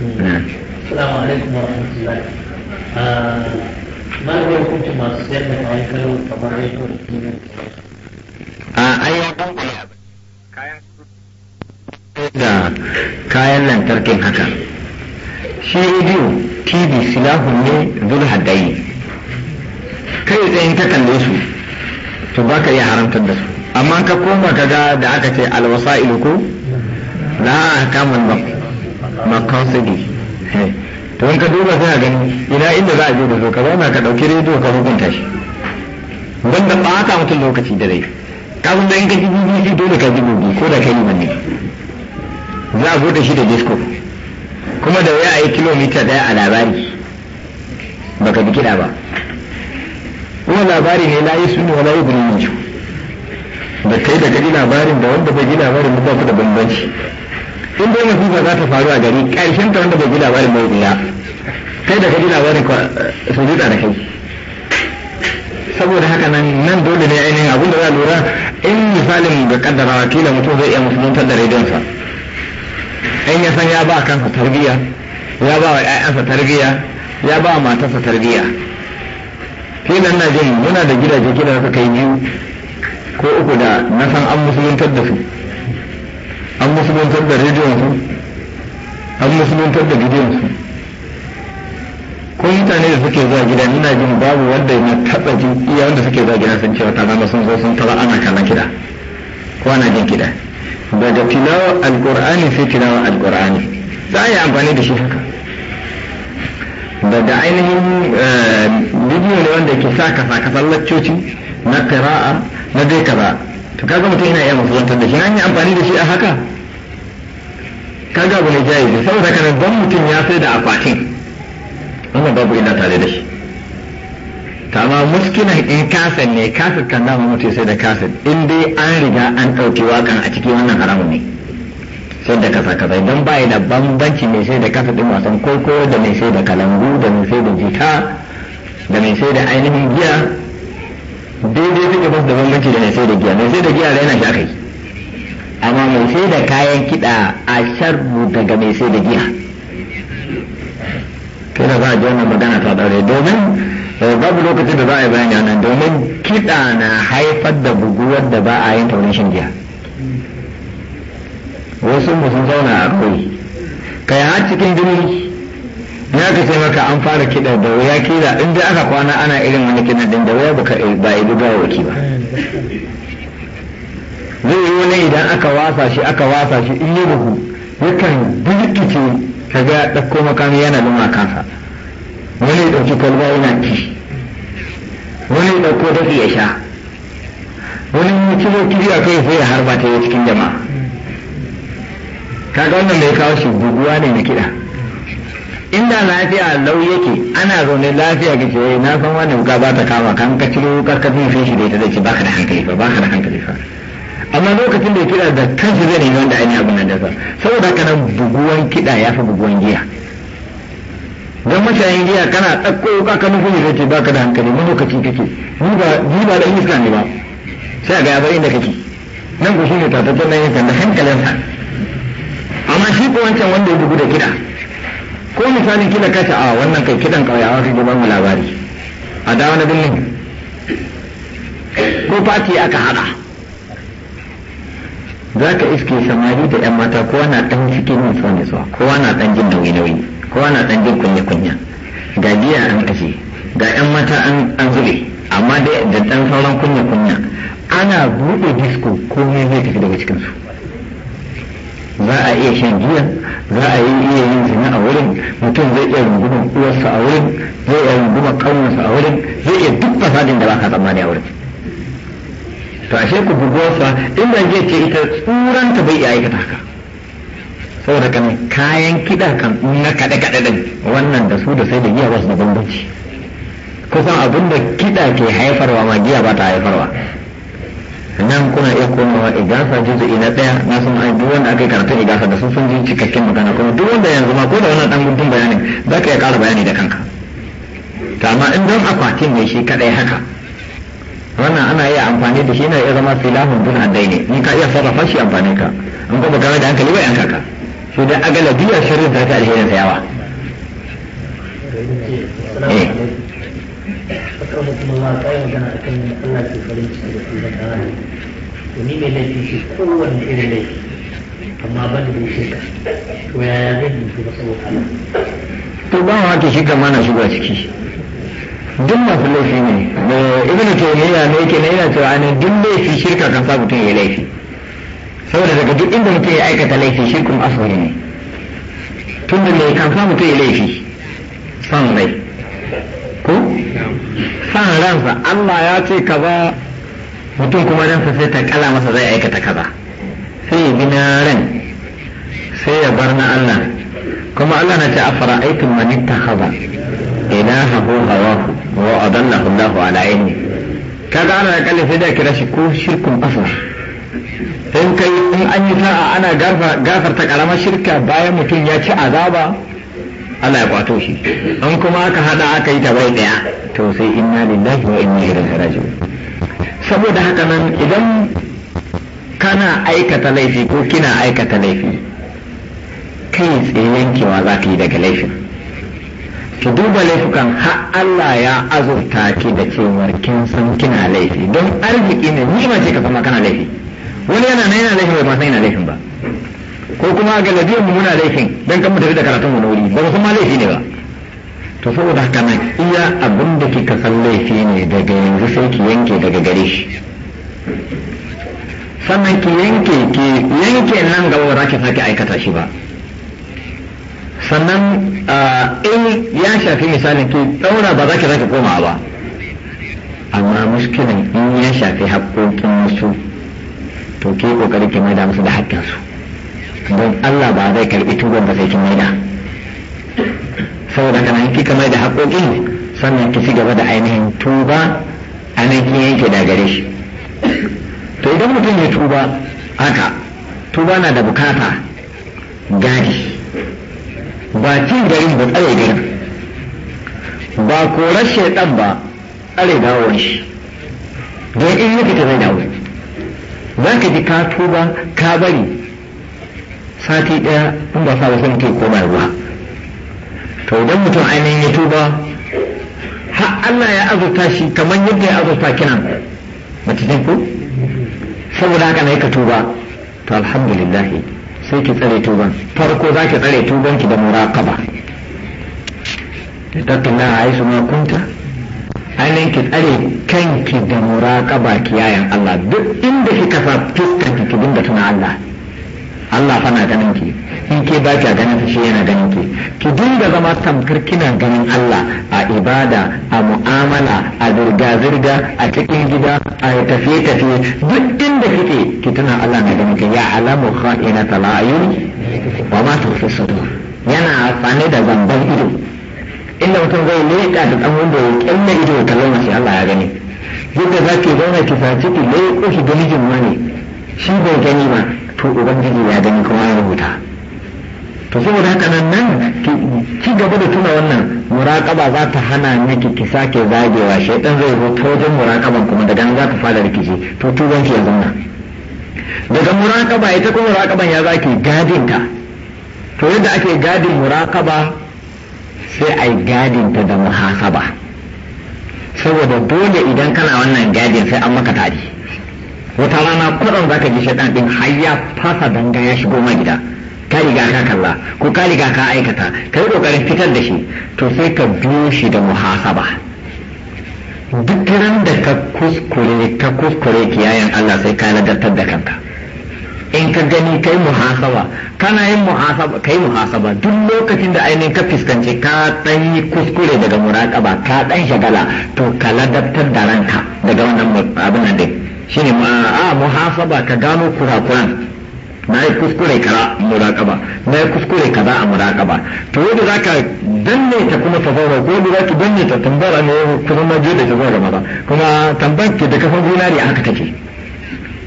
alaikum wa da kayan lantarkin haka shi rediyo tv silahun ne zuwa haddayi kai tsayin ka kalle su to ba ka iya haramtar da su amma ka koma ka ga da aka ce alwasa ko za a kamun makasudi eh. to in ka duba sai gani ina inda za a je da zo ka zauna ka dauki rediyo ka hukunta shi don da ɓata mutum lokaci da rai kamun da in ka ji bbc dole ka ji gobe ko da kai ne za a zo da shi da disco kuma da waya a yi kilomita daya a labari baka ji kiɗa ba kuma labari ne layi su ne wala yi guri da kai da ka labarin da wanda bai gina labarin ba ku da bambanci in dai musiba za ta faru a gari ƙarshen ta wanda bai ji labarin mai tsaya kai da ka ji labarin eh, su zuɗa da kai saboda haka nan nan dole ne ainihin abinda za a lura in misalin ga kaddara kila mutum zai iya musuluntar da rediyonsa in ya san ya ba kansa tarbiyya ya ba wa 'ya'yansa tarbiyya ya ba wa matarsa tarbiyya kila na jin muna da gidaje kila suka yi biyu ko uku da na san an musuluntar da su an musuluntar da rediyon su an musuluntar da gidan su ko mutane da suke zuwa gida ina jin babu wanda ya taɓa jin iya wanda suke zuwa gida sun ce tana sun zo sun tara ana kallon gida ko ana jin kiɗa daga tilawa alƙur'ani sai tilawa alƙur'ani za a yi amfani da shi haka daga ainihin eh, bidiyo ne wanda ke sa kasa kasan na kira'a na dai kaza to kaga mutum yana iya musulantar da shi an yi amfani da shi a haka kaga abu ne jayi saboda kana don mutum ya sai da akwatin wannan babu ina tare da shi Ta amma muskina in kasar ne kasar kan dama mutum sai da kasar in dai an riga an ɗauki wakan a cikin wannan haramun ne sai da kasa kasa don bayi da bambanci mai sai da kasa ɗin wasan koko da mai sai da kalangu da mai sai da jika da mai sai da ainihin giya daidai suke basu da bambanci da mai sai da giya mai sai da giya zai na amma mai sai da kayan kiɗa a sharbu daga mai sai da giya kada za a ji wannan magana ta ɗaure domin eh, babu lokacin da za a yi bayani a nan domin kiɗa na haifar da buguwar da ba a yin taurin shan giya wasu mu sun zauna a kai kai har cikin jini ya ka ce maka an fara kiɗa da wuya kila in dai aka kwana ana irin wani kiɗa din da wuya baka ba ibi ba waki ba zai yi wani idan aka wasa shi aka wasa shi in yi buhu yakan birkice ka ga ɗauko makami yana luma kansa wani ya ɗauki kwalba yana ci wani ya ɗauko dafi ya sha wani ya zo kiri a kai sai ya harba ta cikin jama'a kaga wannan ya kawo shi buguwa ne na kiɗa inda lafiya lau yake ana zaune lafiya ga ce eh, na san wani wuka ba ta kama kan ka ciro wukar ka shi da ita zai ce baka da hankali fa baka da hankali fa amma lokacin da ya kiɗa da kansu zai nemi wanda ainihin abin nan da sa saboda haka nan buguwan kiɗa ya fi buguwan giya don mashayin giya kana ɗauko ka ka nufin ya ce baka da hankali mun lokaci kake ni ba ni ba da iska ne ba sai ga ya bar inda kake nan ku shine tataccen nan yankan da hankalinsa amma shi ko wancan wanda ya bugu da kiɗa ko misalin kila kace a wannan kai kidan kawai a wasu mu labari a da wani birnin ko fati aka hada za ka iske samari da yan mata kowa na dan cike min so ne so kowa na dan jin nauyi nauyi kowa na dan jin kunya kunya ga biya an kashe ga yan mata an zube amma dai da dan sauran kunya kunya ana buɗe disko komai zai tafi daga cikinsu za a iya shan giya za a yi iya yin zina a wurin mutum zai iya rungumar uwarsa a wurin zai iya runguman ƙaunarsa a wurin zai iya duk fasadin da ba ka tsammani a wurin to a ku bugosa inda zai ce ita tsuranta bai iya aikata haka saboda kan kayan kiɗa kan na kaɗe-kaɗe ɗin wannan da su da sai da giya ba su da bambanci kusan abin da kiɗa ke haifarwa ma giya ba ta haifarwa nan kuna iya komawa igasa juzu'i na ɗaya na san wanda aka yi karatun igasa da sun sun ji cikakken magana kuma duk wanda yanzu ma ko da wannan dan gudun bayanin za ka iya ƙara bayani da kanka ma in don akwatin ne shi kadai haka wannan ana iya amfani da shi yana iya zama silahun duna dai ne ni ka iya sarrafa shi amfanin ka in kuma game da hankali bai yanka ka shi da agalabiyar shirin ta ta alherin sayawa yawa. Eh. akwai kuma ma kai magana akan Allah ke farin ciki da kuma da rai to ni ne laifi shi kowanne irin laifi amma ban da shirka to yaya zan yi ba saboda Allah to ba wa ta shirka mana shiga ciki duk masu laifi ne ibn taymiya ne yake na yana cewa ne duk laifi shirka kan sa mutum ya laifi saboda daga duk inda mutum ya aikata laifi shirkun asali ne tun da mai kan sa mutum ya laifi son laifi. san ransa Allah ya ce kaza mutum kuma ransa sai ta kala masa zai aikata kaza sai ya gina ran sai ya bar na Allah kuma Allah na ce afara aikin man ina hagu hawa wa adannahu Allah ala ilmi kaga ana da kalle sai da kira shi ko shirkun kasa in kai in an yi sa'a ana gafarta karamar shirka bayan mutum ya ci azaba Allah ya kwato shi an kuma aka hada aka yi tabai daya to sai inna lillahi wa inna ilaihi raji'un saboda haka nan idan kana aikata laifi ko kina aikata laifi kai tsaye yankewa za ka yi daga laifin ki duba laifukan har Allah ya azurta ki da cewa kin san kina laifi don arziki ne ni ma ce ka kuma kana laifi wani yana na yana laifi ba sai yana laifin ba ko kuma ga nabiyan mu muna laifin dan kan mu tafi da karatun mu wuri ba kuma laifi ne ba to saboda haka nan iya abin da kika san laifi ne daga yanzu sai ki yanke daga gare shi sannan ki yanke ki yanke nan gaba ba za ki sake aikata shi ba sannan in ya shafi misalin ki daura ba za ki sake koma ba amma muskilin in ya shafi haƙƙoƙin wasu to ke ƙoƙari ki da musu da haƙƙinsu don Allah ba zai karbi tuban ba sai kin maida saboda kana kika mai da haƙoƙi sannan ki ci gaba da ainihin tuba nan kin yanke da gare shi to idan mutum ya tuba haka tuba na da bukata gadi ba cin garin ba tsare garin ba korar ɗan ba tsare dawowar shi don in yi fita zai dawo za ka ji ka tuba ka bari sati ɗaya in ba sa ba sai mutum koma ba to idan mutum ainihin ya tuba ha Allah ya azurta shi kamar yadda ya azurta kinan mutum ku saboda haka na ka tuba to alhamdulillah sai ki tsare tuban farko za ki tsare tuban ki da muraqaba a haisu ma kunta ainihin ki tsare kanki da muraqaba kiyayen Allah duk inda kika sa fuskar ki dinga tuna Allah Allah kana ganin ki in ke ba kya ganin shi yana ganin ki ki dinga zama tamkar kina ganin Allah a ibada a mu'amala a zirga zirga a cikin gida a tafiye tafiye duk inda kike ki tana Allah na ganin ki ya alamu kha'ina talayun wa ma tu yana amfani da zamban ido inda mutum zai leƙa da dan wanda ya kalla ido ya lamar shi Allah ya gani yadda zaki zauna ki faci ki leƙo shi da mijin ne shi bai gani ba to ubangiji ya gani kuma ya rubuta to saboda haka nan nan ci gaba da tuna wannan muraqaba za ta hana miki ki sake zagewa shaytan zai zo ta wajen muraqaban kuma daga nan za ta fara rikici to tubanki ya zauna daga muraqaba ita kuma muraqaban ya zaki gadin ta to yadda ake gadin muraqaba sai ai gadin ta da muhasaba saboda dole idan kana wannan gadin sai an maka tari wata rana kwaɗon za ka ji shaɗan ɗin har ya fasa danga ya shigo ma gida ka riga ka kalla ko ka riga ka aikata ka yi ƙoƙarin fitar da shi to sai ka biyo shi da muhasaba duk ran da ka kuskure ka kuskure kiyayen Allah sai ka ladartar da kanka in ka gani ka yi muhasaba kana yin muhasaba ka yi muhasaba duk lokacin da ainihin ka fuskanci ka ɗan yi kuskure daga muraƙaba ka ɗan shagala to ka ladabtar da ranka daga wannan abin nan dai shi ne a muhasaba ka gano kurakuran na yi kuskure kaza a murakaba. na yi kuskure kaza a murakaba. to yadda za ka danne ta kuma ta zaura ko yadda za ki danne ta tambara ne kuma ma je da ta zaura maza kuma tambar ke da kafin zinari a haka take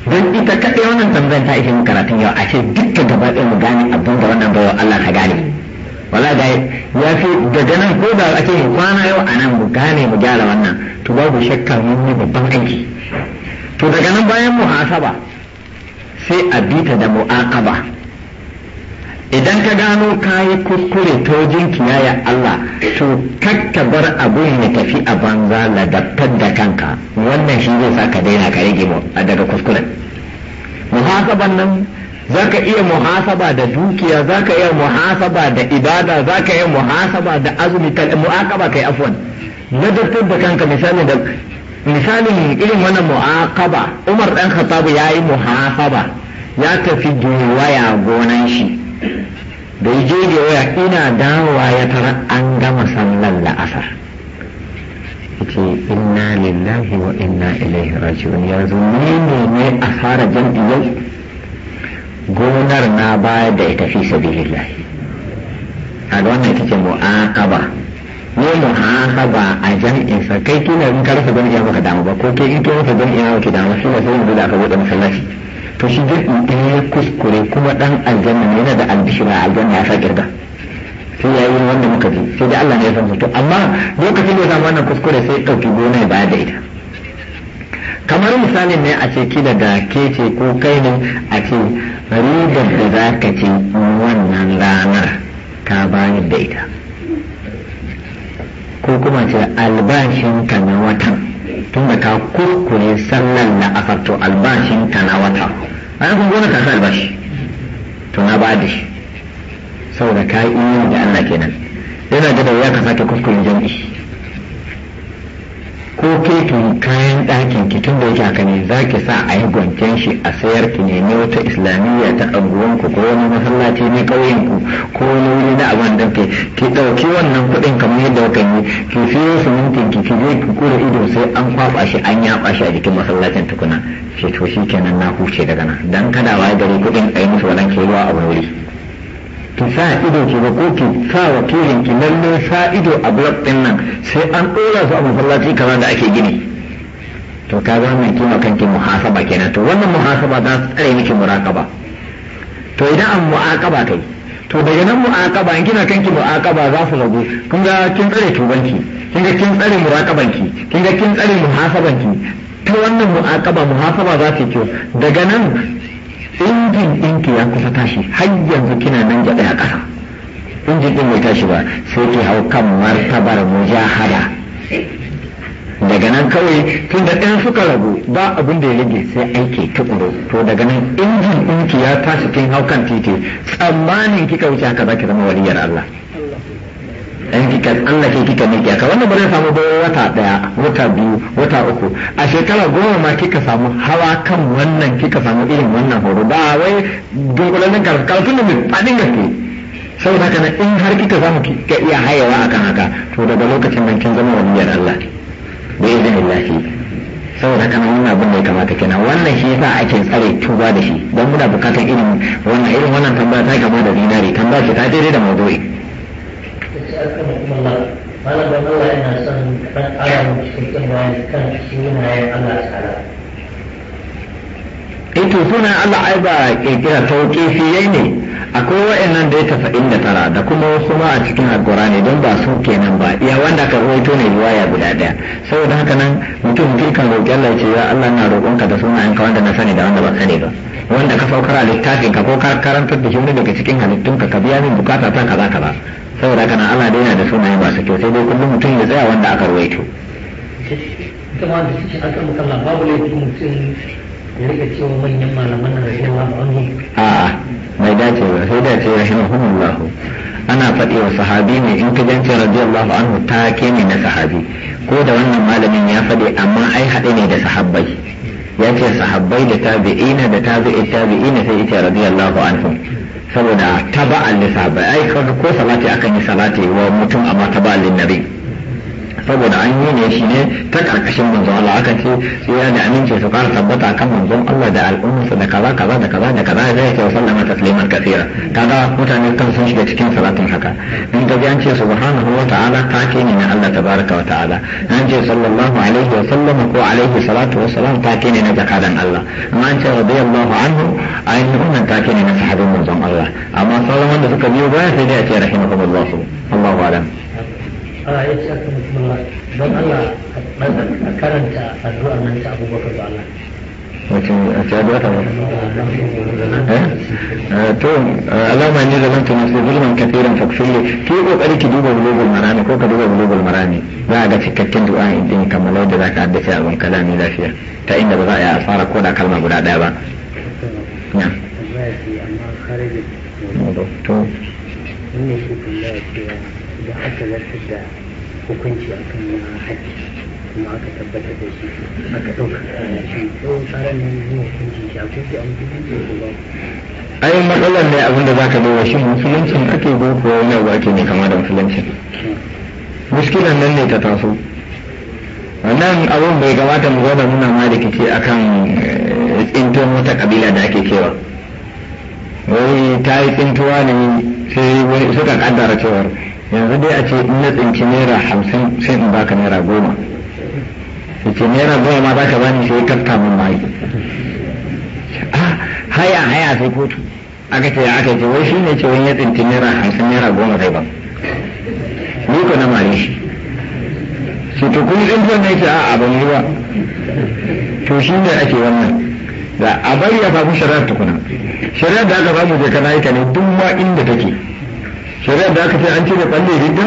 don ita kaɗai wannan tambayar ta ake karatun yau a ce dukkan gaba ɗaya mu gane abin da wannan bawa Allah ka gane wala da ya fi daga nan ko da ake kwana yau a nan mu gane mu gyara wannan to babu shakka mun yi babban aiki to daga nan bayan muhasaba sai a bita da mu'aqaba idan ka gano kayi kuskure to wajen kiyaye Allah to kakka bar abun ya tafi a banza ladabtar da kanka wannan shi zai saka ka daina ka rage daga kuskuren muhasaban nan za ka iya muhasaba da dukiya za ka iya muhasaba da ibada za ka iya muhasaba da azumi mu'aqaba kai afwan ladabtar da kanka misali da misalin irin wannan mu'aqaba Umar dan Khattab yayi yi muhasaba ya tafi waya gonan shi da waya ina dawowa ya tara an gama sallan asar yace inna lillahi wa inna ilaihi raji'un yanzu ne ne a fara jam'iyyar gonar na baya da ita fi sabilillahi a wannan ita mu'aqaba mu mu ba a jami'in sa kai kina in ka rasa jami'a maka dama ba ko kai in ka rasa jami'a maka dama shi ne sai mu da ka bude masallaci to shi duk in ya kuskure kuma dan aljanna ne yana da albishira aljanna ya sa kirga sai ya yi wanda muka ji sai da Allah ne ya san mutu to amma lokacin da ya wannan kuskure sai dauki gona ya bayar da ita kamar misalin ne a ce ki da ke ce ko kai ne a ce ribar da za ka ce wannan ranar ka bayar da ita ko kuma ce albashin ka na watan tun da ka kuskure sallan na albashin ka na wata a yankin gona ka sa albashi to na bada shi saboda ka yi da Allah kenan yana da ya ka sake kuskure jami'i ko kefin kayan ɗakin ki tun da yake haka ne za ki sa a yi gwanken shi a sayar ki nemi wata islamiyya ta ku ko wani masallaci ƙauyen ku ko wani wuri na abin da ke ki ɗauki wannan kuɗin kamar yadda wakan yi ki siyo simintin ki ki je ki kura ido sai an kwafa shi an yaɓa shi a jikin masallacin tukuna ce to shi kenan na huce daga nan dan kada wa gari kuɗin a yi musu wannan ke ruwa a wani wuri. ki sa ido ki ko ki sa wakilin ki lalle sa ido a blok din nan sai an dora su a masallaci kamar da ake gini to ka ga mai kima kanki muhasaba kenan to wannan muhasaba za su tsare miki muraqaba to idan an mu'aqaba kai to daga nan mu'aqaba in kina kanki mu'aqaba za su rabu, kun ga kin tsare tubanki kin ga kin tsare muraqabanki kin ga kin tsare muhasabanki ta wannan mu'aqaba muhasaba za su kyau daga nan injin ɗinki ya kusa tashi har yanzu kina nan gyaɗa a ƙasa injin ɗin bai tashi ba sai ki hau kan martabar mujahada daga nan kawai tun da ɗan suka rabu ba abin da ya rage sai aiki tukuru to daga nan injin ɗinki ya tashi kin hau kan titi tsammanin kika wuce haka za ki zama waliyar Allah in kika tsallake kika miƙe ka wannan ba zai samu ba wata daya wata biyu wata uku a shekara goma ma kika samu hawa kan wannan kika samu irin wannan horo ba wai dunkulannin karatu karatu ne fadin faɗin gaske saboda haka in har kika samu kika iya hayawa akan haka to daga lokacin nan kin zama waliyar Allah bi idnillahi saboda haka wannan abin da ya kamata kenan wannan shi yasa ake tsare tuba da shi don muna bukatar irin wannan irin wannan tambaya ta gaba da dinari tambaya ce ta daidai da maudu'i أكثر eh من الله قال بل الله أنا صن قد أعلم بشكل وإن كان شيئا الله تعالى Ito suna Allah ai ba kirkira sauƙi fiye ne akwai wa'annan da ya tafa'in da tara da kuma wasu ma a cikin alkurani don ba su kenan ba iya wanda ka rawaito ne riwaya guda daya saboda haka nan mutum kirkan roƙi Allah ce ya Allah na roƙonka da sunayen ka wanda na sani da wanda ba sani ba wanda ka saukar a littafin ka ko ka karantar da shi wani daga cikin halittun ka ka biya min bukata ta kaza kaza saboda kana Allah dai yana da sunaye masu kyau sai dai kullum mutum ya tsaya wanda aka ruwaito kuma da suke aka makalla babu laifin mutum ya rika cewa manyan malaman nan rashin lafiya a'a mai dace ba sai dace rahimahumullah ana faɗi wa sahabi ne in ka jance radiyallahu anhu ta ke ne na sahabi ko da wannan malamin ya faɗi amma ai haɗe ne da sahabbai ya ce sahabbai da tabi'ina da tabi'i tabi'ina sai ita radiyallahu anhu saboda taba'an ba ai ko salati akan yi salati wa mutum amma taba'an linnabi saboda an yi ne shi ne ta karkashin manzo Allah aka ce sai ya da aminci su kara tabbata kan manzo Allah da al'ummarsa da kaza kaza da kaza da kaza zai ke sallama tasliman kasira kaga mutane kan sun shiga cikin salatin haka in ga an ce subhanahu wa ta'ala ta ke ne na Allah tabaraka wa ta'ala an ce sallallahu alaihi wa sallam ko alaihi salatu wa salam ta ke ne na zakadan Allah amma an ce radiyallahu anhu ainihin wannan ta ke ne na sahabin manzo Allah amma sauran wanda suka biyo baya sai dai a ce rahimahumullah Allahu alam ana iya cewa kan mutum Allah don Allah a karanta addu'ar nan ta abubakar da Allah Wacce a ta ba ta to alama ne zaman ta musu zulman kafiran fakfille ki kokari ki duba bulugul marami ko ka duba bulugul marami za a ga cikakken du'a din kamar da zaka haddace abin kalami lafiya ta inda ba za a yi asara ko da kalma guda ɗaya ba to da aka zartar da hukunci a kan na haji kuma aka tabbatar da shi aka ɗauka shi tsara tsarin nan ne hukunci shi a kuke a ne ko ba ai matsalar ne abin da zaka duba shi musuluncin ake ko kuwa wani abu ake ne kama da musuluncin muskilan nan ne ta taso wannan abun bai gabata mu gwada muna ma a kan eh, tsinton wata kabila da ake kewa Wani ta yi tsintuwa ne sai suka kaddara cewar yanzu dai a ce in na tsinci naira hamsin sai in baka naira goma ce naira goma ma za ka bani sai kafta min mai ah, haya haya sai kotu aka ce aka ce wai shine ce wani ya tsinci naira hamsin naira goma zai ba ni ko na mare shi shi to kun in fa nake ce a ban yi ba to shi ne ake wannan da a bari ya fafi shari'ar tukuna shari'ar da aka samu je kana yi ka ne duk ma inda take shari'ar da aka ce an ce da kwalle hidda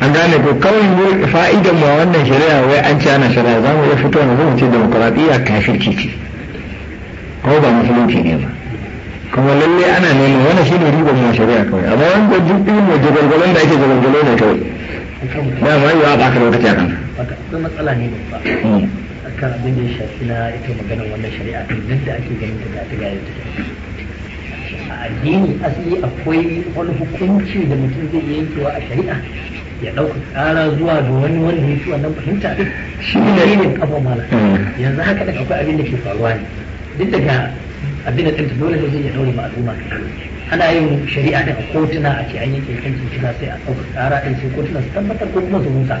an gane ko kawai fa'idan ma wannan shari'a wai an ce ana shari'a za mu iya fito na zuwa ce demokuraɗiyya kafirci ce ko ba musulunci ne ba kuma lalle ana nema wani shi ne riba ma shari'a kawai amma wani gwajin ɗin mai jagargalon da ake jagargalo ne kawai ba ma yiwa ba ka lokaci a kan. matsala ne babba hmm. akan abin da ya shafi na ita maganar wannan shari'a duk da ake ganin ta ta gaya ta a addini asali akwai wani hukunci da mutum zai yi yankewa a shari'a ya ɗauka tsara zuwa ga wani wanda ya fi wannan fahimta shi ne yin kafa mala mm. yanzu haka da akwai abin da ke faruwa ne duk daga abin da ɗinta dole zai ya ɗaure ma al'umma ana yin shari'a daga a kotuna a ce an yanke kan cikin sai a ɗauka tsara ɗin sai kotuna su tabbatar ko kuma su musa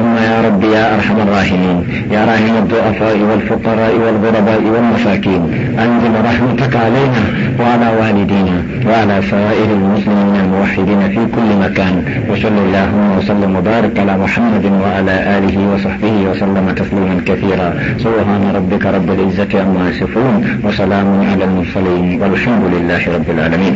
اللهم يا رب يا أرحم الراحمين يا راحم الضعفاء والفقراء والغرباء والمساكين أنزل رحمتك علينا وعلى والدينا وعلى سائر المسلمين الموحدين في كل مكان وصل اللهم وسلم وبارك على محمد وعلى آله وصحبه وسلم تسليما كثيرا سبحان ربك رب العزة عما يصفون وسلام على المرسلين والحمد لله رب العالمين